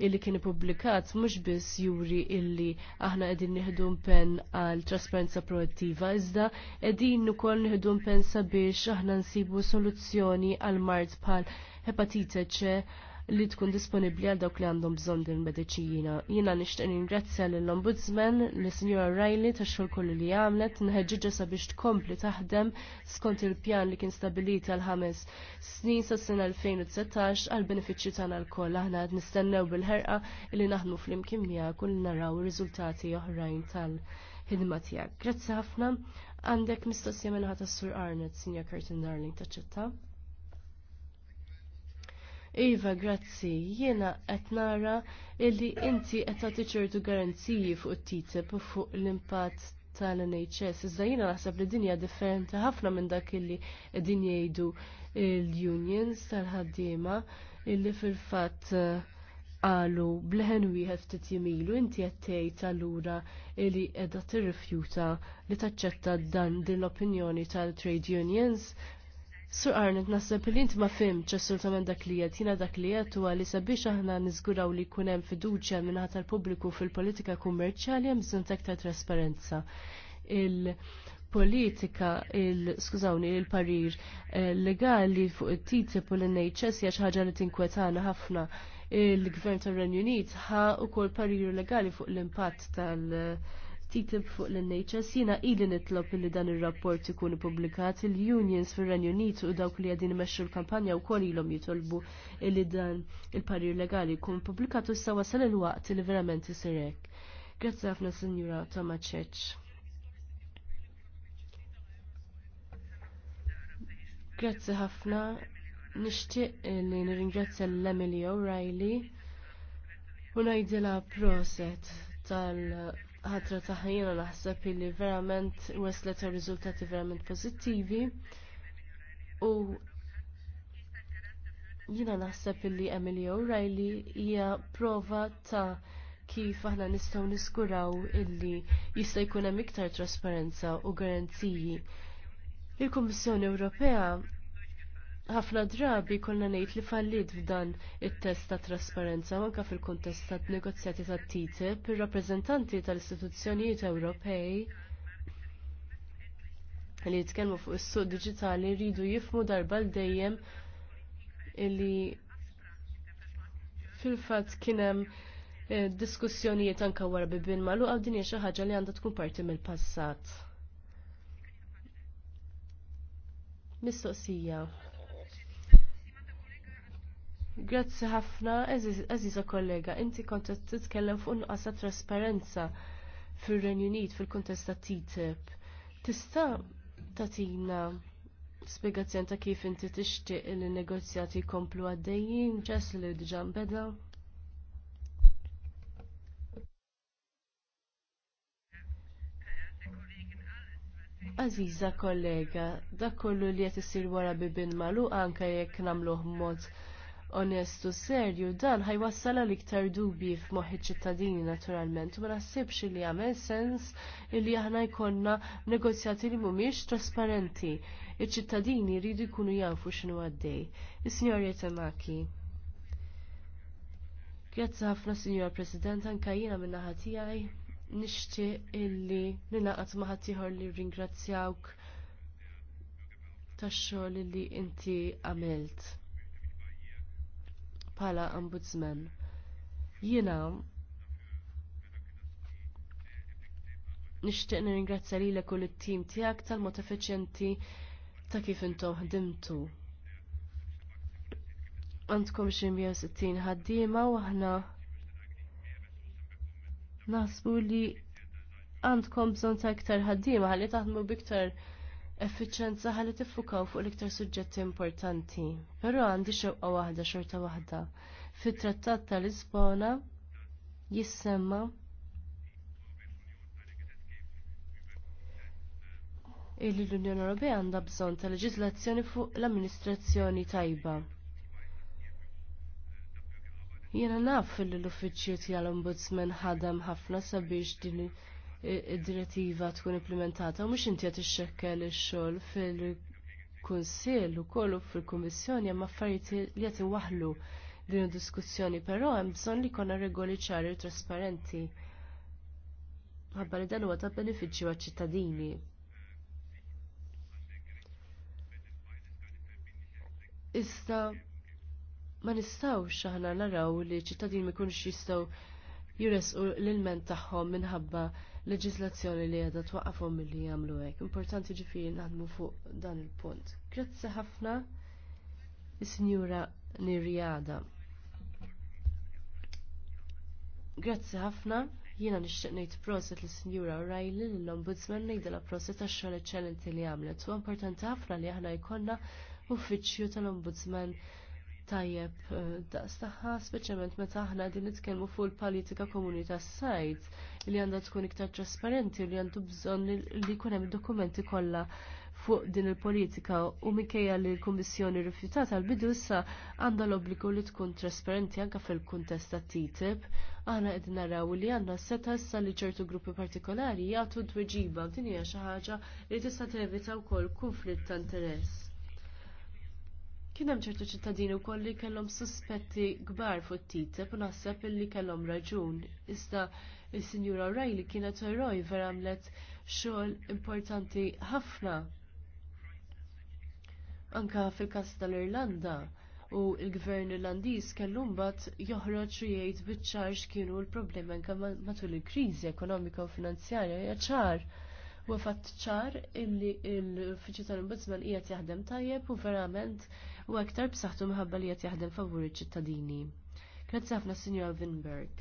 illi kien publikat mhux biss juri illi aħna qegħdin nieħdu pen għal trasparenza proattiva iżda qegħdin ukoll niħdu pen sabiex aħna nsibu soluzzjoni għal mart bħal hepatite ċe li tkun disponibli għal dawk li għandhom bżonn din mediċina. Jiena nixtieq ningrazzja lill-Ombudsman l-Signora Riley tax-xogħol kollu li għamlet nħedġiġa sabiex tkompli taħdem skont il-pjan li kien stabiliti għal ħames snin sa sena 2019 għal benefiċċju tagħna lkoll aħna qed nistennew bil-ħerqa li naħdmu flimkien miegħek kull naraw riżultati oħrajn tal-ħidma tiegħek. Grazzi ħafna għandek mistoqsija minnaħat tas-Sur Arnett, Sinja Curtin Darling, taċċetta. Iva, grazzi, jiena qed nara illi inti qed tagħti ċertu garanziji fuq it-titeb u fuq l-impatt tal-NHS. Iżda jiena naħseb li dinja differenti ħafna minn dak illi qegħdin jgħidu l-unions tal-ħaddiema illi fil-fatt eh, qalu bleħen wieħed ftit jimilu inti qed tgħid allura li qiegħda tirrifjuta li taċċetta dan din l-opinjoni tal-trade unions Sur Arnett, nasab li inti ma fimx assolutament dak li qed jiena dak li qed huwa li sabiex aħna niżguraw li jkun hemm fiduċja mingħata tal-pubbliku fil-politika kummerċjali hemm bżonn aktar trasparenza. Il politika il-skużawni il-parir eh, legali fuq it-TTIP u l-NHS hija ħaġa li tinkwetana ħafna il-Gvern tar-Renju Unit ħa kol parir legali fuq l-impatt tal- titib fuq l-NHS jina ili nitlob li dan il-rapport ikun publikat il-unions fir renju Unit u dawk li għadin meċu l-kampanja u kol ilom jitolbu li dan il-parir legali kun publikat u s-sawa sal il-waqt li verament jisirek. Grazie għafna signora Tomaċeċ. Grazie ħafna. Nishtiq li nirringrazzja l-Emily O'Reilly u proset tal ħatra taħjina naħseb li verament weslet riżultati verament pozittivi u jina naħseb li Emily O'Reilly hija prova ta' kif aħna nistgħu niskuraw illi jista' jkun hemm iktar trasparenza u garanziji. Il-Kummissjoni Ewropea ħafna drabi konna ngħid li fallit f'dan it-test ta' trasparenza anke fil-kuntest ta' negozjati ta' TTIP, ir-rappreżentanti tal-istituzzjonijiet Ewropej li jitkellmu fuq is-suq diġitali jridu jifmu darba l dejjem illi fil-fatt kien hemm eh, diskussjonijiet anke wara bin magħluqa din hija xi ħaġa li għandha tkun parti mill-passat. Mistoqsija. Grazzi ħafna, eżiza kollega, inti kont titkellem fuq nuqqas trasparenza fir-Renju Unit fil-kuntest ta' TTIP. Tista' tatina spiegazzjon ta' kif inti tixtieq li negozjati jkomplu għaddejjin ġas li diġà nbeda? Aziza kollega, dak kollu li qed isir wara bibin malu anke jekk nagħmluh mod onestu serju dan ħajwassal li iktar dubi f'moħħ iċ-ċittadini naturalment u ma naħsibx li għamel sens li aħna jkollna negozjati li mhumiex trasparenti. Iċ-ċittadini jridu jkunu jafu x'inhu għaddej. Is-Sinjor Jetemaki. Grazzi ħafna Sinjor President anka jiena minnaħa tiegħi nixtieq illi nilaqgħod ma' ħadd ieħor li ringrazzjawk tax-xogħol li inti għamilt bħala ombudsman. Jiena nixtieq nirringrazzja lilek u it-tim tiegħek tal-mod effiċjenti ta' kif intom ħdimtu. Għandkom xi sittin ħaddiema u aħna naħsbu li għandkom bżonn ta' iktar ħaddiema ħalli taħdmu biktar effiċenza ħalli tiffukaw fuq l-iktar suġġetti importanti. Però għandi xewqa waħda xorta waħda. Fit-trattat ta' Lisbona jissemma illi l-Unjoni Ewropea għandha bżonn ta' leġiżlazzjoni fuq l-amministrazzjoni tajba. Jiena naf li l-uffiċċju tal-Ombudsman ħadem ħafna sabiex din id-direttiva tkun implementata, mhux inti qed ixxekkel ix-xogħol fil-Kunsill ukoll u fil-Kummissjoni hemm affarijiet li qed iwahlu din id-diskussjoni, però hemm bżonn li jkollna regoli ċari u trasparenti. Ħabba li dan huwa għata benefiċċju għat ċittadini Ista ma nistaw aħna naraw li ċittadini mikunx jistaw jistgħu jiresqu l-ilment tagħhom minħabba leġislazzjoni li għadha twaqqafhom milli jagħmlu hekk. Importanti ġifieri naħdmu fuq dan il-punt. Grazzi ħafna is-Sinjura Nirjada. Grazzi ħafna. Jiena nixtieq ngħid proset lis sinjura O'Reilly lill-Ombudsman ngħidilha proset għax-xogħol eċċellenti li għamlet. Huwa importanti ħafna li aħna jkollna uffiċċju tal-Ombudsman tajjeb eh, daqstaħħa, speċjalment meta aħna din nitkellmu fuq il-politika komuni tas-sajd li għandha tkun iktar trasparenti li għandu bżonn li jkun hemm dokumenti kollha fuq din il-politika u minkejja li l-Kummissjoni rifjutata l-bidu issa għandha l-obbligu li tkun trasparenti anke fil-kuntest ta' TTIP. Aħna qed naraw li għandna seta issa li ċertu gruppi partikolari jagħtu tweġiba din hija xi ħaġa li tista' tevita wkoll konflitt ta' interess. Kien hemm ċertu ċittadini wkoll li kellhom suspetti kbar fuq TTIP u naħseb illi kellhom raġun. Iżda il-Sinjura O'Reilly kienet eroj vera għamlet xogħol importanti ħafna. Anka fil-każ tal-Irlanda u l gvern Irlandiż kellu mbagħad joħroġ u jgħid biċ-ċarx kienu l-problemi anke matul il-kriżi ekonomika u finanzjarja hija ċar. U fatt ċar illi l-Uffiċċju tal-Ombudsman qiegħed jaħdem tajjeb u verament u aktar b'saħħtu minħabba li qed jaħdem favur iċ-ċittadini. Grazzi ħafna Sinjora Vinberg.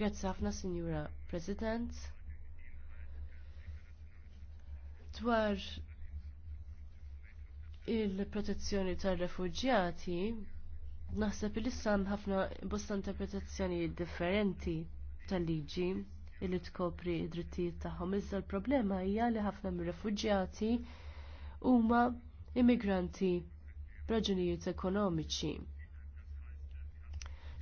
Grazzi ħafna Sinjura President. Dwar il-protezzjoni tar-refuġjati, naħseb li san ħafna bosta interpretazzjoni differenti tal-liġi li tkopri id-drittijiet tagħhom. Iżda l-problema hija li ħafna mir-refuġjati huma immigranti raġunijiet ekonomiċi.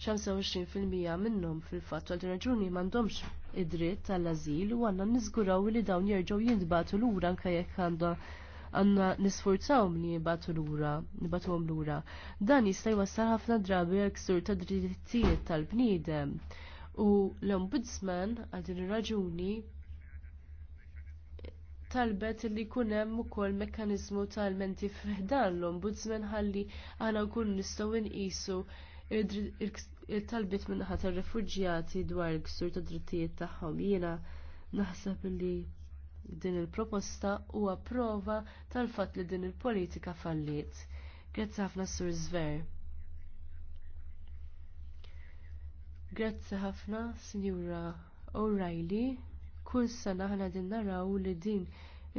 25% minnhom fil-fatt għal raġuni m'għandhomx id-dritt tal-azil u għandna niżguraw li dawn jerġgħu jintbatu lura anke jekk għandha għandna nisforzawhom li jibatu lura, nibatuhom lura. Dan jista' wassal ħafna drabi għal ksur ta' drittijiet tal-bniedem. U l-Ombudsman għal din ir-raġuni talbet li jkun hemm ukoll mekkaniżmu tal-menti fiħdan l-ombudsman ħalli aħna nkunu nistgħu nqisu il min-naħa tar-refuġjati dwar il-ksur ta' drittijiet tagħhom. Jiena naħseb li din il-proposta huwa prova tal-fatt li din il-politika falliet. Grazzi ħafna Sur Zver. Grazzi ħafna, Sinjura O'Reilly kull sena ħana din naraw li din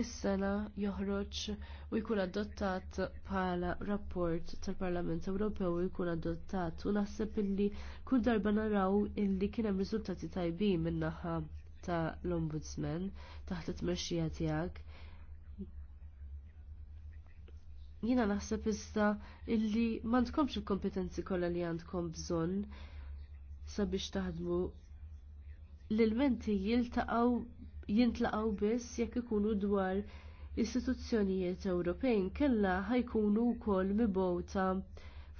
is-sena joħroġ u jkun adottat bħala rapport tal-Parlament Ewropew u jkun adottat u naħseb illi kull darba naraw illi kien hemm riżultati tajbin min-naħa ta' l-Ombudsman taħt it-tmexxija tiegħek. Jiena naħseb iżda illi m'għandkomx il-kompetenzi kollha li għandkom bżonn sabiex taħdmu l-elementi jiltaqgħu jintlaqgħu biss jekk ikunu dwar istituzzjonijiet Ewropejn kellha ħajkunu wkoll mibgħuta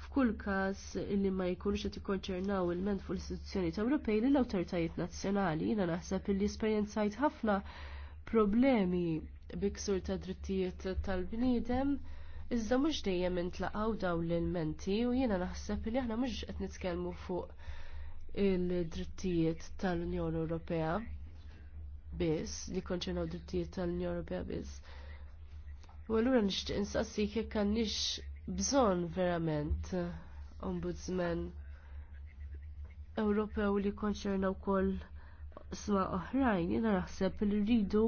f'kull każ li ma jkunux qed ikkonċernaw il-ment fuq l-istituzzjonijiet Ewropej lil awtoritajiet nazzjonali. Jiena naħseb li esperjenzajt ħafna problemi biksur ta' drittijiet tal-bniedem iżda mhux dejjem intlaqgħu dawn l-elementi u jiena naħseb li aħna mhux qed nitkellmu fuq il-drittijiet tal-Unjoni Ewropea biss, li konċenaw drittijiet tal-Unjoni Ewropea biss. U allura nixtieq insassi jekk għandix bżonn verament ombudsman Ewropew li konċerna wkoll sma oħrajn, jiena naħseb li rridu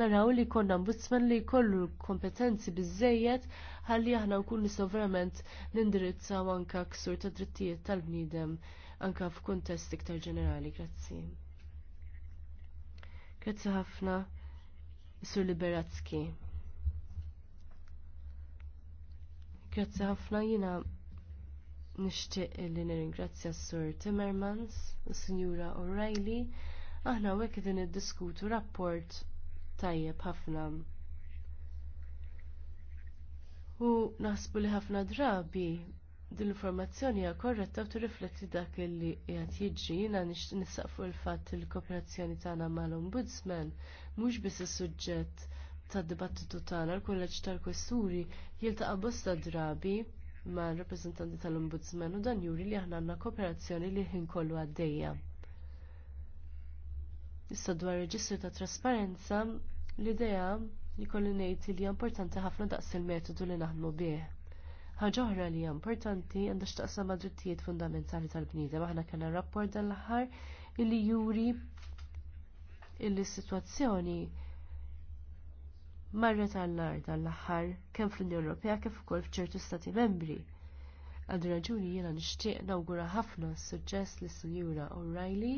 naraw li konna ombudsman li jkollu kompetenzi bizzejiet għalli aħna nkun nistgħu verament nindirizzaw anke ksur ta' drittijiet tal-bniedem anka f'kuntest iktar ġenerali. Grazzi. Grazzi ħafna, Sur Liberatski. Grazzi ħafna jina nishtiq li nirringrazzja s-Sur Timmermans, s-Sinjura O'Reilly, aħna wek din id-diskutu rapport tajjeb ħafna. U nasbu li ħafna drabi din l-informazzjoni hija korretta u tirrifletti dak li qed jiġri jiena nixtieq fuq il-fatt il koperazzjoni tagħna mal-Ombudsman mhux biss is-suġġett tad-dibattitu tagħna l-kulleġġ tal-kwesturi jiltaqa' bosta drabi mar rappreżentanti tal-Ombudsman u dan juri li aħna għandna kooperazzjoni li ħin kollu għaddejja. Issa dwar reġistru ta' trasparenza l-idea li kollu ngħid li hija importanti ħafna daqs il-metodu li naħdmu bih Ħaġa oħra li hija importanti għandha x'taqsam mad drittijiet fundamentali tal-bniedem. Aħna kellna rapport dan l-aħħar illi juri illi s-sitwazzjoni marret għall-nar l aħħar kemm fl-Unjoni Ewropea kif ukoll f'ċertu stati membri. Għad raġuni jiena nixtieq nawgura ħafna s-suġġess lis Sinjura O'Reilly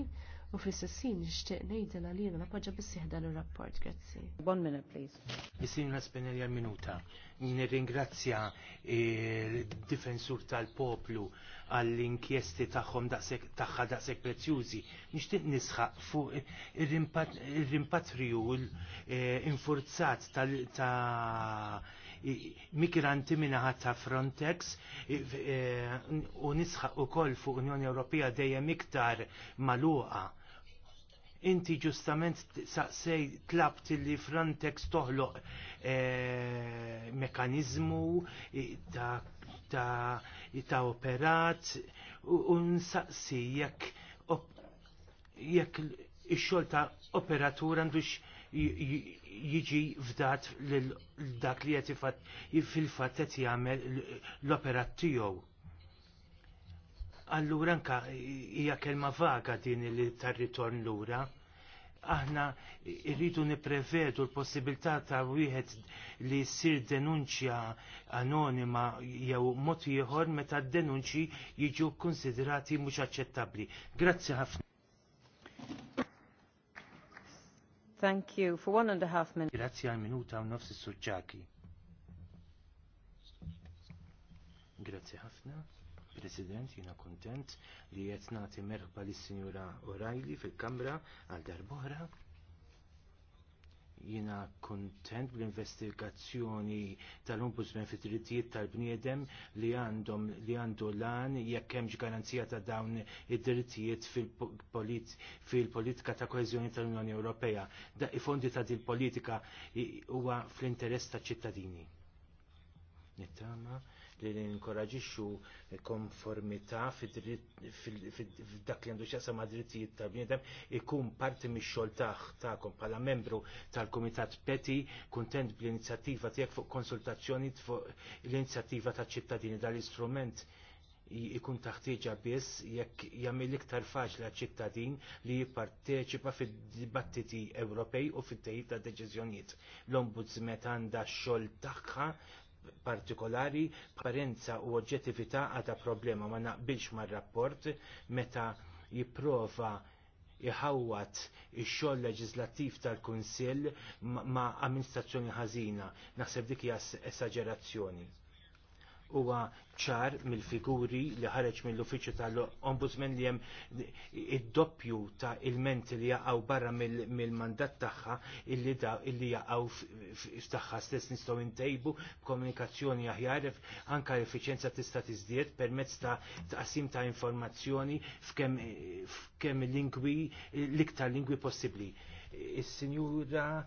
u fl-istessin nixtieq ngħidilha li jiena nappoġġa bissieħ dan ir-rapport. Grazzi. One minute please. Is-sinjura minuta. Nirringrazzja il-difensur tal-poplu għall-inkjesti tagħhom tagħha daqshekk prezzjużi. Nixtieq nisħaq fuq ir-rimpatriju eh, infurzat tal- ta' migranti minnaħat ta' Frontex e, u nisħaq ukoll fuq Unjoni Ewropea dejjem iktar maluqa. Inti ġustament saqsej tlabt li Frontex toħloq e, mekanizmu ta' operat u nsaqsi jekk jekk ix-xogħol ta' operatur għandux jiġi fdat dak li qed fil-fatt qed jagħmel l-operat tiegħu. Allura anka hija kelma vaga din li tar-ritorn lura. Aħna rridu nipprevedu l-possibilità ta' wieħed li jsir denunċja anonima jew mod ieħor meta d-denunċi jiġu konsiderati mhux aċċettabbli. Grazzi ħafna. Thank you. For one and a half minutes. Grazie għal minuta u nofs suġġaki. Grazie ħafna. President, jina kontent li jett nati merħba li s-Sinjura O'Reilly fil-Kamra għal darbohra jina kontent bl-investigazzjoni tal-Ombudsman fit drittijiet tal-bniedem li għandhom li għandu lan jekk hemmx garanzija ta' dawn id-drittijiet fil-politika ta' koezjoni tal-Unjoni Ewropea. Da' i fondi ta' din politika huwa fl-interess ta' ċittadini. Nittama li ninkoraġixxu konformità f'dak li għandu x'jaqsam ma' drittijiet tal-bniedem ikun parti mix-xogħol tagħkom bħala membru tal-Kumitat Peti kuntent bl-inizjattiva tiegħek fuq konsultazzjoni fuq l-inizjattiva taċ-ċittadini dal-istrument ikun taħtieġa biss jekk jagħmel iktar faċli għaċ-ċittadin li jipparteċipa fid-dibattiti Ewropej u fit-tejjib ta' deċiżjonijiet. l ombudsmet għandha x-xogħol tagħha partikolari, parenza u oġġettività għadha problema ma naqbilx mar-rapport meta jipprova iħawat ix-xogħol leġislattiv tal-Kunsill ma' amministrazzjoni ħażina. Naħseb dik hija esaġerazzjoni huwa ċar mill-figuri li ħareġ mill-uffiċċju tal-Ombudsman li hemm id-doppju ta' ilmenti li jaqgħu barra mill-mandat tagħha illi illi jaqgħu tagħha stess nistgħu intejbu b'komunikazzjoni aħjar anke l-effiċjenza tista' tiżdied permezz ta' taqsim ta' informazzjoni f'kemm lingwi l-iktar lingwi possibbli. Is-Sinjura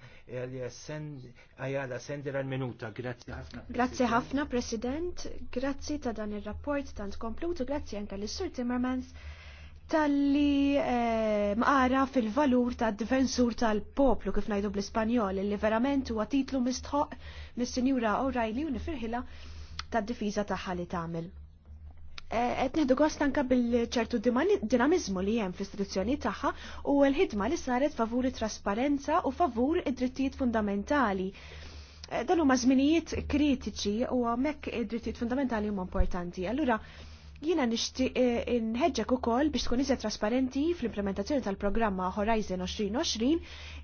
Ajala Sendera l-Minuta, grazzi ħafna. Grazzi ħafna, President, grazzi ta' dan il-rapport tant komplutu, grazzi anka l-Sur Timmermans tal-li eh, maqara fil-valur ta' difensur tal-poplu kif najdu bl-Ispanjol, li verament huwa titlu mistħoq mis-Sinjura O'Reilly u nifirħila ta' difiża tagħha li tagħmel qed neħdu gost anka bil-ċertu dinamizmu li hemm fl-istituzzjoni tagħha u l-ħidma li saret favur trasparenza u favur id-drittijiet fundamentali. Eh, dan huma żminijiet kritiċi u hemmhekk id-drittijiet fundamentali huma importanti. Allura Jiena nixtieq eh, u ukoll biex tkun iżjed trasparenti fl-implementazzjoni tal-programma Horizon 2020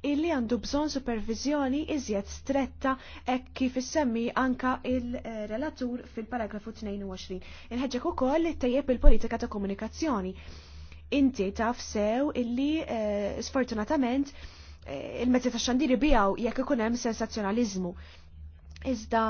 illi għandu bżonn supervizjoni iżjed stretta hekk kif issemmi anka il-relatur fil-paragrafu 22. Inħeġġek ukoll li tejjeb il-politika ta' komunikazzjoni. Inti taf sew illi eh, sfortunatament eh, il-mezzi ta' xandiri bijaw jekk ikun hemm sensazzjonaliżmu Iżda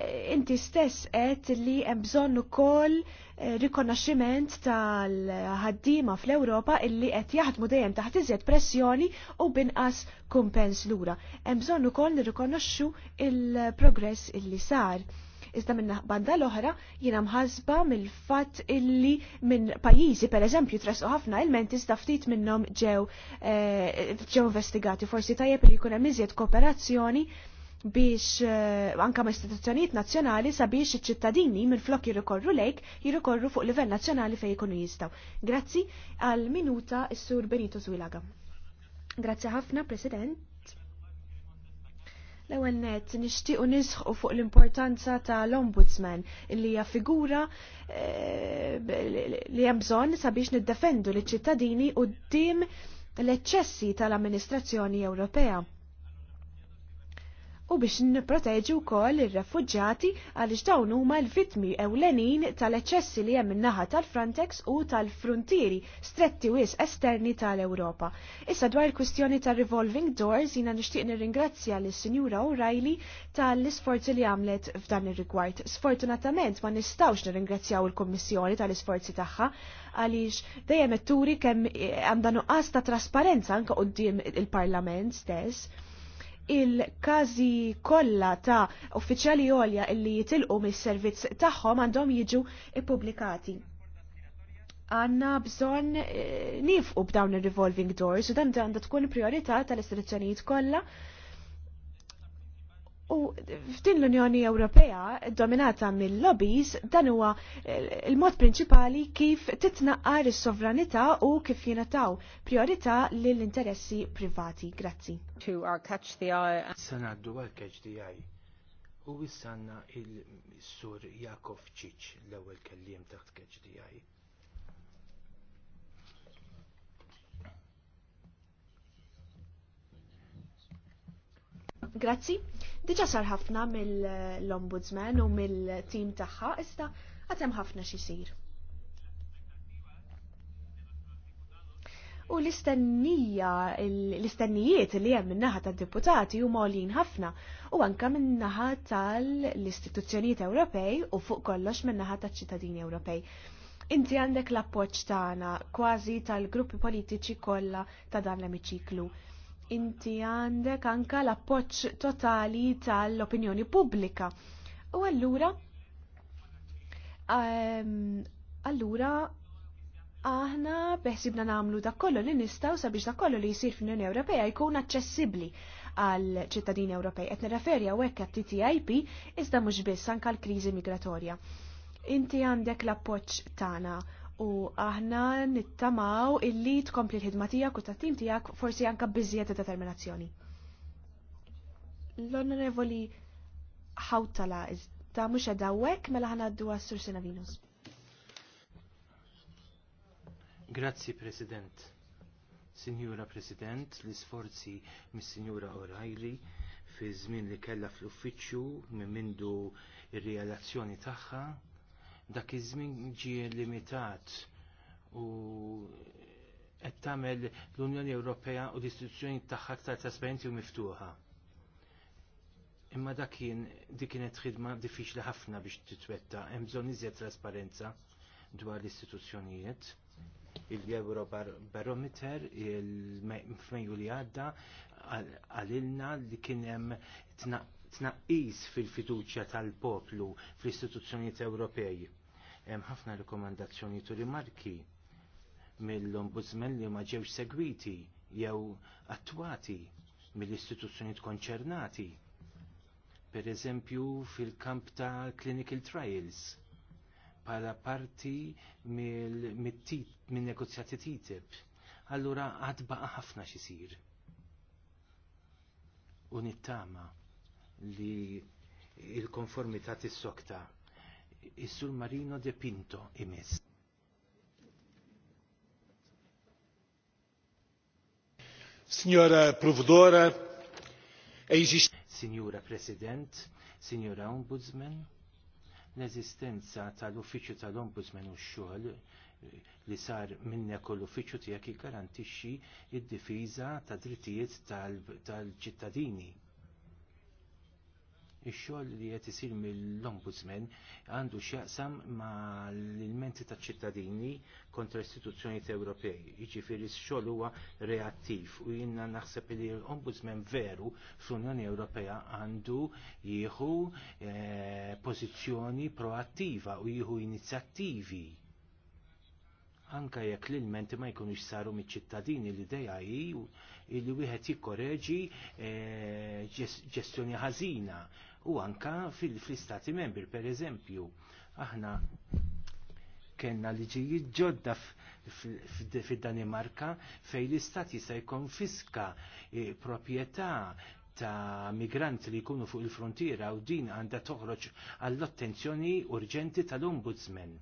eh, inti stess qed li hemm bżonn ukoll eh, rikonoxximent tal-ħaddiema fl-Ewropa illi qed jaħdmu dejjem taħt iżjed pressjoni u binqas kumpens lura. Hemm bżonn ukoll nirrikonoxxu il-progress illi sar. Iżda minn banda l-oħra jiena mħasba mill-fatt illi minn pajjiżi pereżempju trasqu ħafna ilment iżda ftit minnhom ġew eh, ġew investigati. Forsi tajjeb li jkun hemm iżjed kooperazzjoni biex eh, anka ma' istituzzjonijiet nazzjonali sabiex iċ-ċittadini mill flok jirrikorru lejk jirrikorru fuq livell nazzjonali fej ikunu jistaw. Grazzi għal minuta s-sur Benito Zwilaga. Grazzi ħafna, President. L-ewwel net nixtiequ nisħu fuq l-importanza tal-Ombudsman li hija figura eh, li hemm bżonn sabiex niddefendu l-ċittadini quddiem l-eċċessi tal-Amministrazzjoni Ewropea u biex nipproteġu wkoll ir refugġati għaliex dawn huma l-vittmi ewlenin tal-eċessi li hemm in-naħa tal-Frontex u tal frontieri stretti wis esterni tal-Ewropa. Issa dwar il-kwistjoni tal-revolving doors jina nixtieq nirringrazzja l sinjura O'Reilly tal-isforzi li għamlet f'dan ir-rigward. Sfortunatament ma nistgħux nirringrazzjaw il-Kummissjoni tal-isforzi tagħha għaliex dejjem etturi kemm għandha nuqqas ta' trasparenza anke quddiem il-Parlament stess il-każi kollha ta' uffiċjali għolja illi jitilqu mis-servizz tagħhom għandhom jiġu ippubblikati. Għanna bżon eh, nifqu b'dawn il-revolving doors u dan għandha tkun priorità tal-istituzzjonijiet kollha U f'din l-Unjoni Ewropea dominata mill-lobbies dan huwa eh, il-mod prinċipali kif titnaqqar is-sovranità u kif jingħataw priorità lill interessi privati. Grazzi. To our catch the eye. Sanaddu għal catch the eye. U wissanna il-sur Jakov Ċiċ l-ewwel kelliem taħt catch the eye. Grazzi. Diġa sar ħafna mill-Ombudsman u mill-tim tagħha iżda għatem ħafna xisir. U l-istennija, l-istennijiet li hemm minnaħa tad-deputati huma għolin ħafna u anka minnaħa tal-istituzzjonijiet Ewropej u fuq kollox minnaħa tal-ċittadini Ewropej. Inti għandek l-appoċ tagħna kważi tal-gruppi politiċi kollha ta' dan l-emiċiklu inti għandek anka l-appoċ totali tal-opinjoni pubblika. U allura, um, allura aħna beħsibna namlu da kollu li nistaw sabiex da kollu li jisir fl-Unjoni Ewropea jkun aċċessibbli għal ċittadini Ewropej. Etni nirreferi hawnhekk għat-TTIP iżda mhux biss anke l kriżi migratorja. Inti għandek l-appoġġ tagħna u aħna nittamaw illi tkompli l-ħidma tijak u ta' tim tijak forsi anka bizzijet ta' determinazzjoni. L-onorevoli ħawtala ta' mux għadawek mela ħana għaddu għassur Sinavinus. Grazzi President. Signora President, l-isforzi mis Sinjura O'Reilly fi żmien li kella fl-uffiċċju minn mindu ir-realazzjoni tagħha dak iż-żmien ġie limitat u qed tagħmel l-Unjoni Ewropea u l-istituzzjoni tagħha aktar trasparenti u miftuħa. Imma dak kien dik kienet ħidma diffiċli ħafna biex titwetta, hemm bżonn iżjed trasparenza dwar l-istituzzjonijiet il-Euro Barometer il li għadda għalilna li kien hemm tnaqqis fil-fiduċja tal-poplu fl-istituzzjonijiet Ewropej hemm ħafna rikomandazzjoni u rimarki mill-ombudsman li ma ġewx segwiti jew attwati mill istituzzjoni konċernati. Per eżempju fil-kamp ta' clinical trials bħala parti mill-negozjati TTIP. E Allura għad baqa ħafna xisir. U nittama li il-konformità tis-sokta is-Sur Marino de Pinto imis. Signora Provedora, eżist. Signora President, Signora Ombudsman, l-eżistenza tal-Uffiċċju tal-Ombudsman u x-xogħol eh, li sar minnek kol l-uffiċċju tiegħek jiggarantixxi d difiża tad drittijiet tal-ċittadini. Ix-xogħol li qed isir mill-Ombudsman għandu x'jaqsam ma' l-ilmenti taċ ċittadini kontra istituzzjonijiet Ewropej. Jiġifieri x-xogħol huwa reattiv u jiena naħseb li l-Ombudsman veru fl-Unjoni Ewropea għandu jieħu eh, pożizzjoni proattiva u jieħu inizjattivi anka jekk l-ilmenti ma jkunux saru miċ-ċittadini li dejja hi li wieħed jikkoreġi eh, ġestjoni ħażina u anka fil-istati membri, per eżempju, aħna kena liġijiet ġodda fil-Danimarka fej l-istat jista' jikkonfiska e, proprjetà ta' migranti li jkunu fuq il-frontiera u din għandha toħroġ għall-attenzjoni urġenti tal-Ombudsman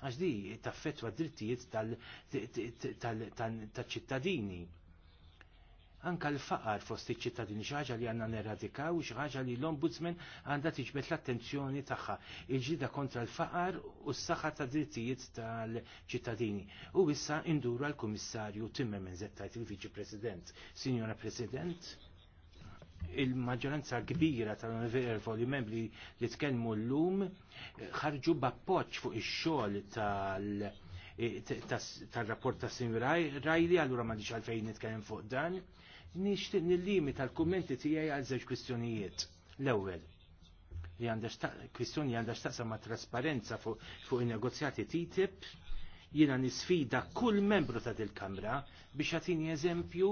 għax di taffetwa drittijiet tal-ċittadini anka l-faqar fost iċ-ċittadini xaġa li għanna neradikaw, xaġa li l-ombudsman għanda tiġbet l-attenzjoni tagħha il-ġida kontra l-faqar u s-saħħa ta' drittijiet tal-ċittadini. U issa induru għal-Kummissarju Timme menzettajt il-Viċi President. Signora President, il-maġġoranza kbira tal-onorevoli membri li tkellmu l-lum ħarġu b'appoġġ fuq ix-xogħol tal-rapport tas sinjur Rajli, allura ma għalfejn nitkellem fuq dan nixtieq nillimita tal kummenti tiegħi għal żewġ kwistjonijiet. L-ewwel li għandax kwistjoni għandax taqsam ma' trasparenza fuq fu il-negozjati TTIP jina nisfida kull membru ta' dil-Kamra biex għatini eżempju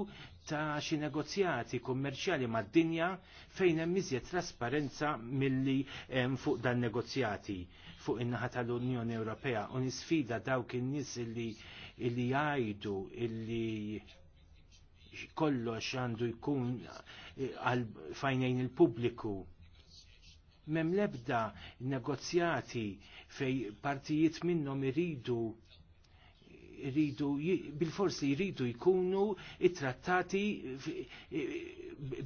ta' xi negozjati kummerċjali mad dinja fejn hemm iżjed trasparenza milli hemm fuq dan negozjati fuq in-naħa tal-Unjoni Ewropea u nisfida dawk in-nies illi jgħidu illi kollox għandu jkun eh, għal fajnejn il-pubbliku. Mem lebda negozjati fej partijiet minnom iridu iridu bil-forsi jridu jkunu it-trattati eh,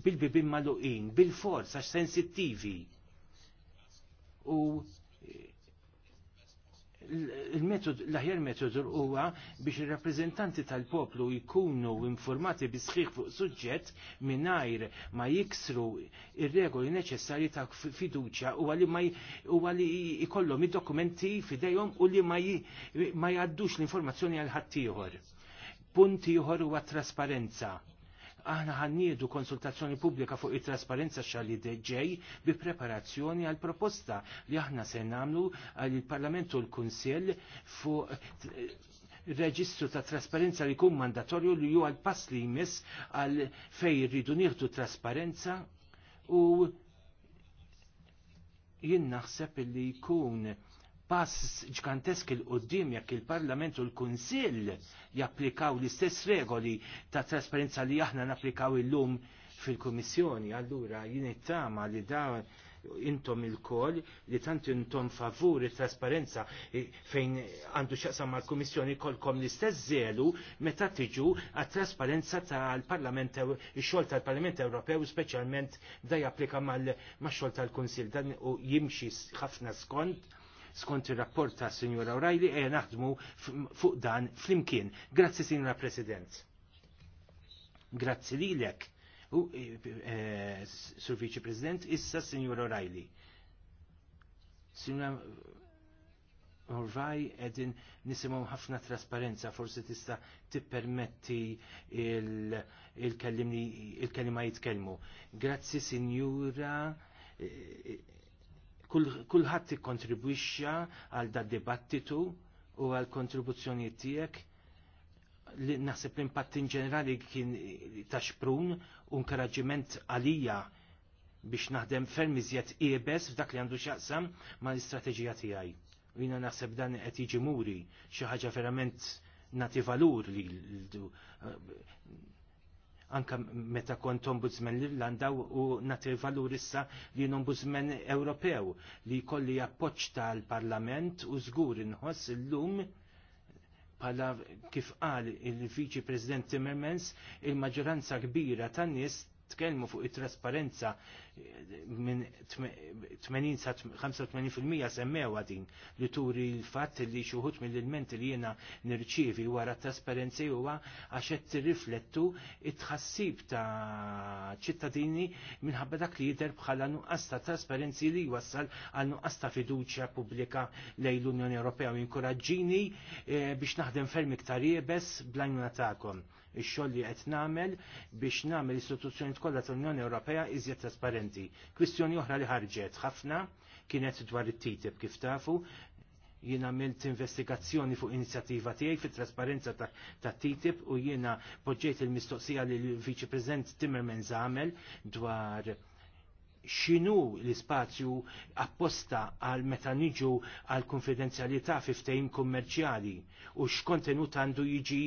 bil bibim maluqin, bil-forz għax sensittivi. U il-metod, l-aħjar metod huwa biex il-rappresentanti tal-poplu jkunu informati bisħiħ fuq suġġett mingħajr ma jiksru il regoli neċessarji ta' fiduċja u għalli ma u għalli ikollhom dokumenti fidejhom u li ma jgħaddux l-informazzjoni għal ħaddieħor. Punti ieħor huwa trasparenza aħna ħanniedu konsultazzjoni pubblika fuq it-trasparenza xalli deġej bi preparazzjoni għal proposta li aħna se nagħmlu għal il-Parlament u l-Kunsill fuq reġistru ta' trasparenza li jkun mandatorju li huwa għal pass li jmiss għal fej rridu nieħdu trasparenza u jien naħseb li jkun pass ġgantesk il-qoddim jekk il-Parlament u l-Kunsill japplikaw l-istess regoli ta' trasparenza li aħna napplikaw illum fil-Kummissjoni. Allura jien it-tama li da intom il koll li tant intom favur trasparenza fejn għandu ma' mal kummissjoni kolkom l-istess zelu meta tiġu għat trasparenza tal-Parlament xol tal-Parlament Ewropew speċjalment da japplika mal xol tal-Kunsil dan u jimxi ħafna skont skont ir-rapport ta' Signora O'Reilly e naħdmu fuq dan flimkien. Grazzi Signora President. Grazzi lilek. U, e, e, sur Vice President, issa Signora O'Reilly. Signora Orvaj edin nisimaw ħafna trasparenza, forse tista tippermetti il-kellima il il jitkellmu. Grazzi Signora. E, kulħadd ikkontribwixxa għal da dibattitu u għal kontribuzzjoni tiegħek li naħseb l-impatt in ġenerali kien ta' xprun u nkoraġġiment għalija biex naħdem ferm iżjed qiebes f'dak li għandu x'jaqsam ma' l-istrateġija tiegħi. U naħseb dan qed jiġi muri xi ħaġa verament nagħti valur li anka meta kont ombudsman l-Irlanda u nagħti valur issa li l-ombudsman Ewropew li kolli appoċ tal-Parlament u żgur inħoss illum pala kif qal il-Viċi President Timmermans il-maġġoranza kbira tan-nies tkellmu fuq it-trasparenza minn 80 sa 85% semmew din li turi l-fatt li xuħut mill-ilmenti li jena nirċivi wara trasparenzi huwa għax qed tirriflettu it-tħassib ta' ċittadini minħabba dak li jidher bħala nuqqas ta' trasparenzi li jwassal għal nuqqas ta' fiduċja pubblika lejn l-Unjoni Ewropea u jinkoraġġini eh, biex naħdem ferm iktar bes blajnuna tagħkom ix-xogħol li qed nagħmel biex nagħmel istituzzjoni kollha tal-Unjoni Ewropea iżjed trasparenti effiċjenti. Kwistjoni oħra li ħarġet ħafna kienet dwar it-TTIP kif tafu, Jiena għamilt investigazzjoni fuq inizjattiva tiegħi fit-trasparenza ta', TTIP u jiena poġġejt il-mistoqsija li l-Viċi President Timmerman żamel dwar xinu l-ispazju apposta għal meta niġu għal konfidenzjalità fiftejn kummerċjali u x'kontenut għandu jiġi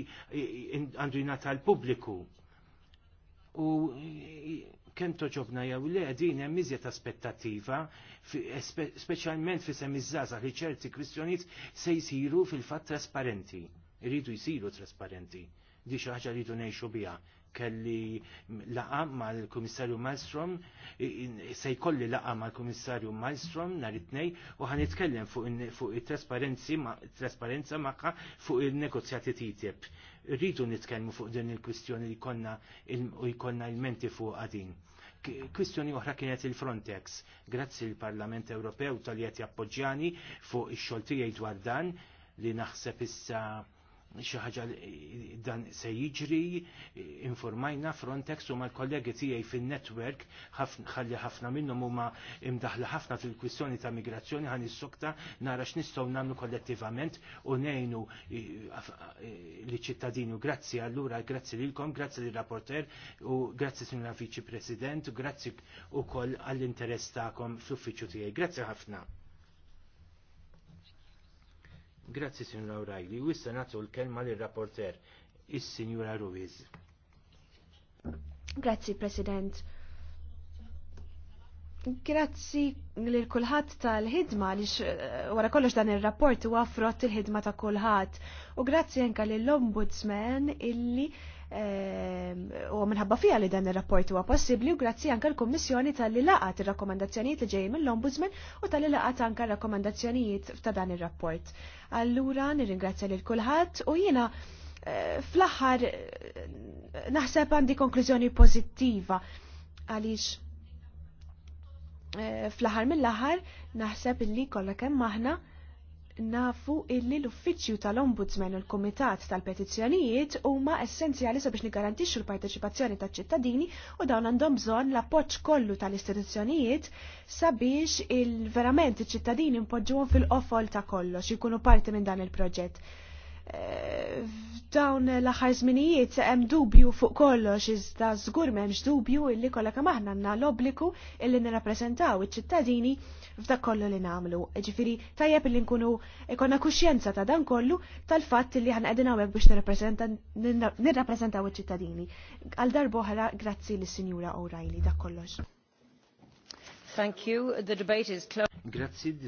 għandu jingħata l pubbliku. U kem toġobna jew le din hemm iżjed aspettativa, speċjalment fi sem iż li ċerti kwistjonijiet se jsiru fil-fatt trasparenti, iridu jsiru trasparenti. Di xi ħaġa rridu ngħixu biha kelli laqa mal-Komissarju Malmstrom, se jkolli laqa mal-Komissarju Malmstrom nhar it-tnej u ħanitkellem fuq it trasparenza magħha fuq il-negozjati TTIP. Rridu nitkellmu fuq din il-kwistjoni li konna u jkollna il-menti fuq għadin. Kwistjoni oħra kienet il-Frontex. Grazzi il parlament Ewropew tal jati jappoġġjani fuq ix-xogħol tiegħi dwar dan li naħseb issa xi ħaġa dan se jiġri informajna Frontex u mal-kollegi tiegħi fin-network ħalli ħafna minnhom huma imdaħla ħafna fil-kwistjoni ta' migrazzjoni ħan is-sokta nara x'nistgħu nagħmlu kollettivament u ngħinu li ċittadinu. Grazzi allura, grazzi lilkom, grazzi lil rapporter u grazzi sinna Viċi President, grazzi wkoll għall-interess tagħkom fl-uffiċċju tiegħi. Grazzi ħafna. Grazzi, Sinjura O'Reilly. U issa nagħtu l-kelma lir-rapporter, il sinjura Ruiz. Grazzi, President. Grazzi lil kulħadd tal-ħidma li eh, wara kollox dan ir-rapport u frott il-ħidma ta' kulħadd. U grazzi anka lill-Ombudsman illi Ehm, u minħabba fija li dan ir-rapport huwa possibbli u grazzi anke l-Kummissjoni tal-li laqat ir-rakkomandazzjonijiet li ġejjin mill-Ombudsman u tal-li laqat anke rakkomandazzjonijiet ta' dan ir-rapport. Allura nirringrazzja lil kulħadd u jiena eh, fl-aħħar eh, naħseb għandi konklużjoni pożittiva għaliex eh, fl-aħħar mill-aħħar naħseb illi kollha kemm aħna nafu illi l-uffiċċju tal-Ombudsman u l-Komitat tal-Petizzjonijiet huma essenzjali sabiex nigarantixxu l-parteċipazzjoni taċ-ċittadini u dawn għandhom bżonn l-appoġġ kollu tal-istituzzjonijiet sabiex il-verament iċ-ċittadini mpoġġuhom fil-qofol ta' kollox jkunu parti minn dan il-proġett. Eh, dawn l-aħħar żminijiet hemm dubju fuq kollox iżda żgur m'hemmx dubju illi kollha kemm aħna għandna l-obbligu illi nirrappreżentaw iċ-ċittadini il f'dak kollu li namlu. Ġifiri, tajjeb li nkunu ikonna kuxjenza ta' dan kollu tal-fatt li ħan għedin għek biex nirrappresentaw iċ-ċittadini. Għal darboħra, grazzi li sinjura O'Reilly, dak kollox. Thank you. The debate is closed. Grazzi,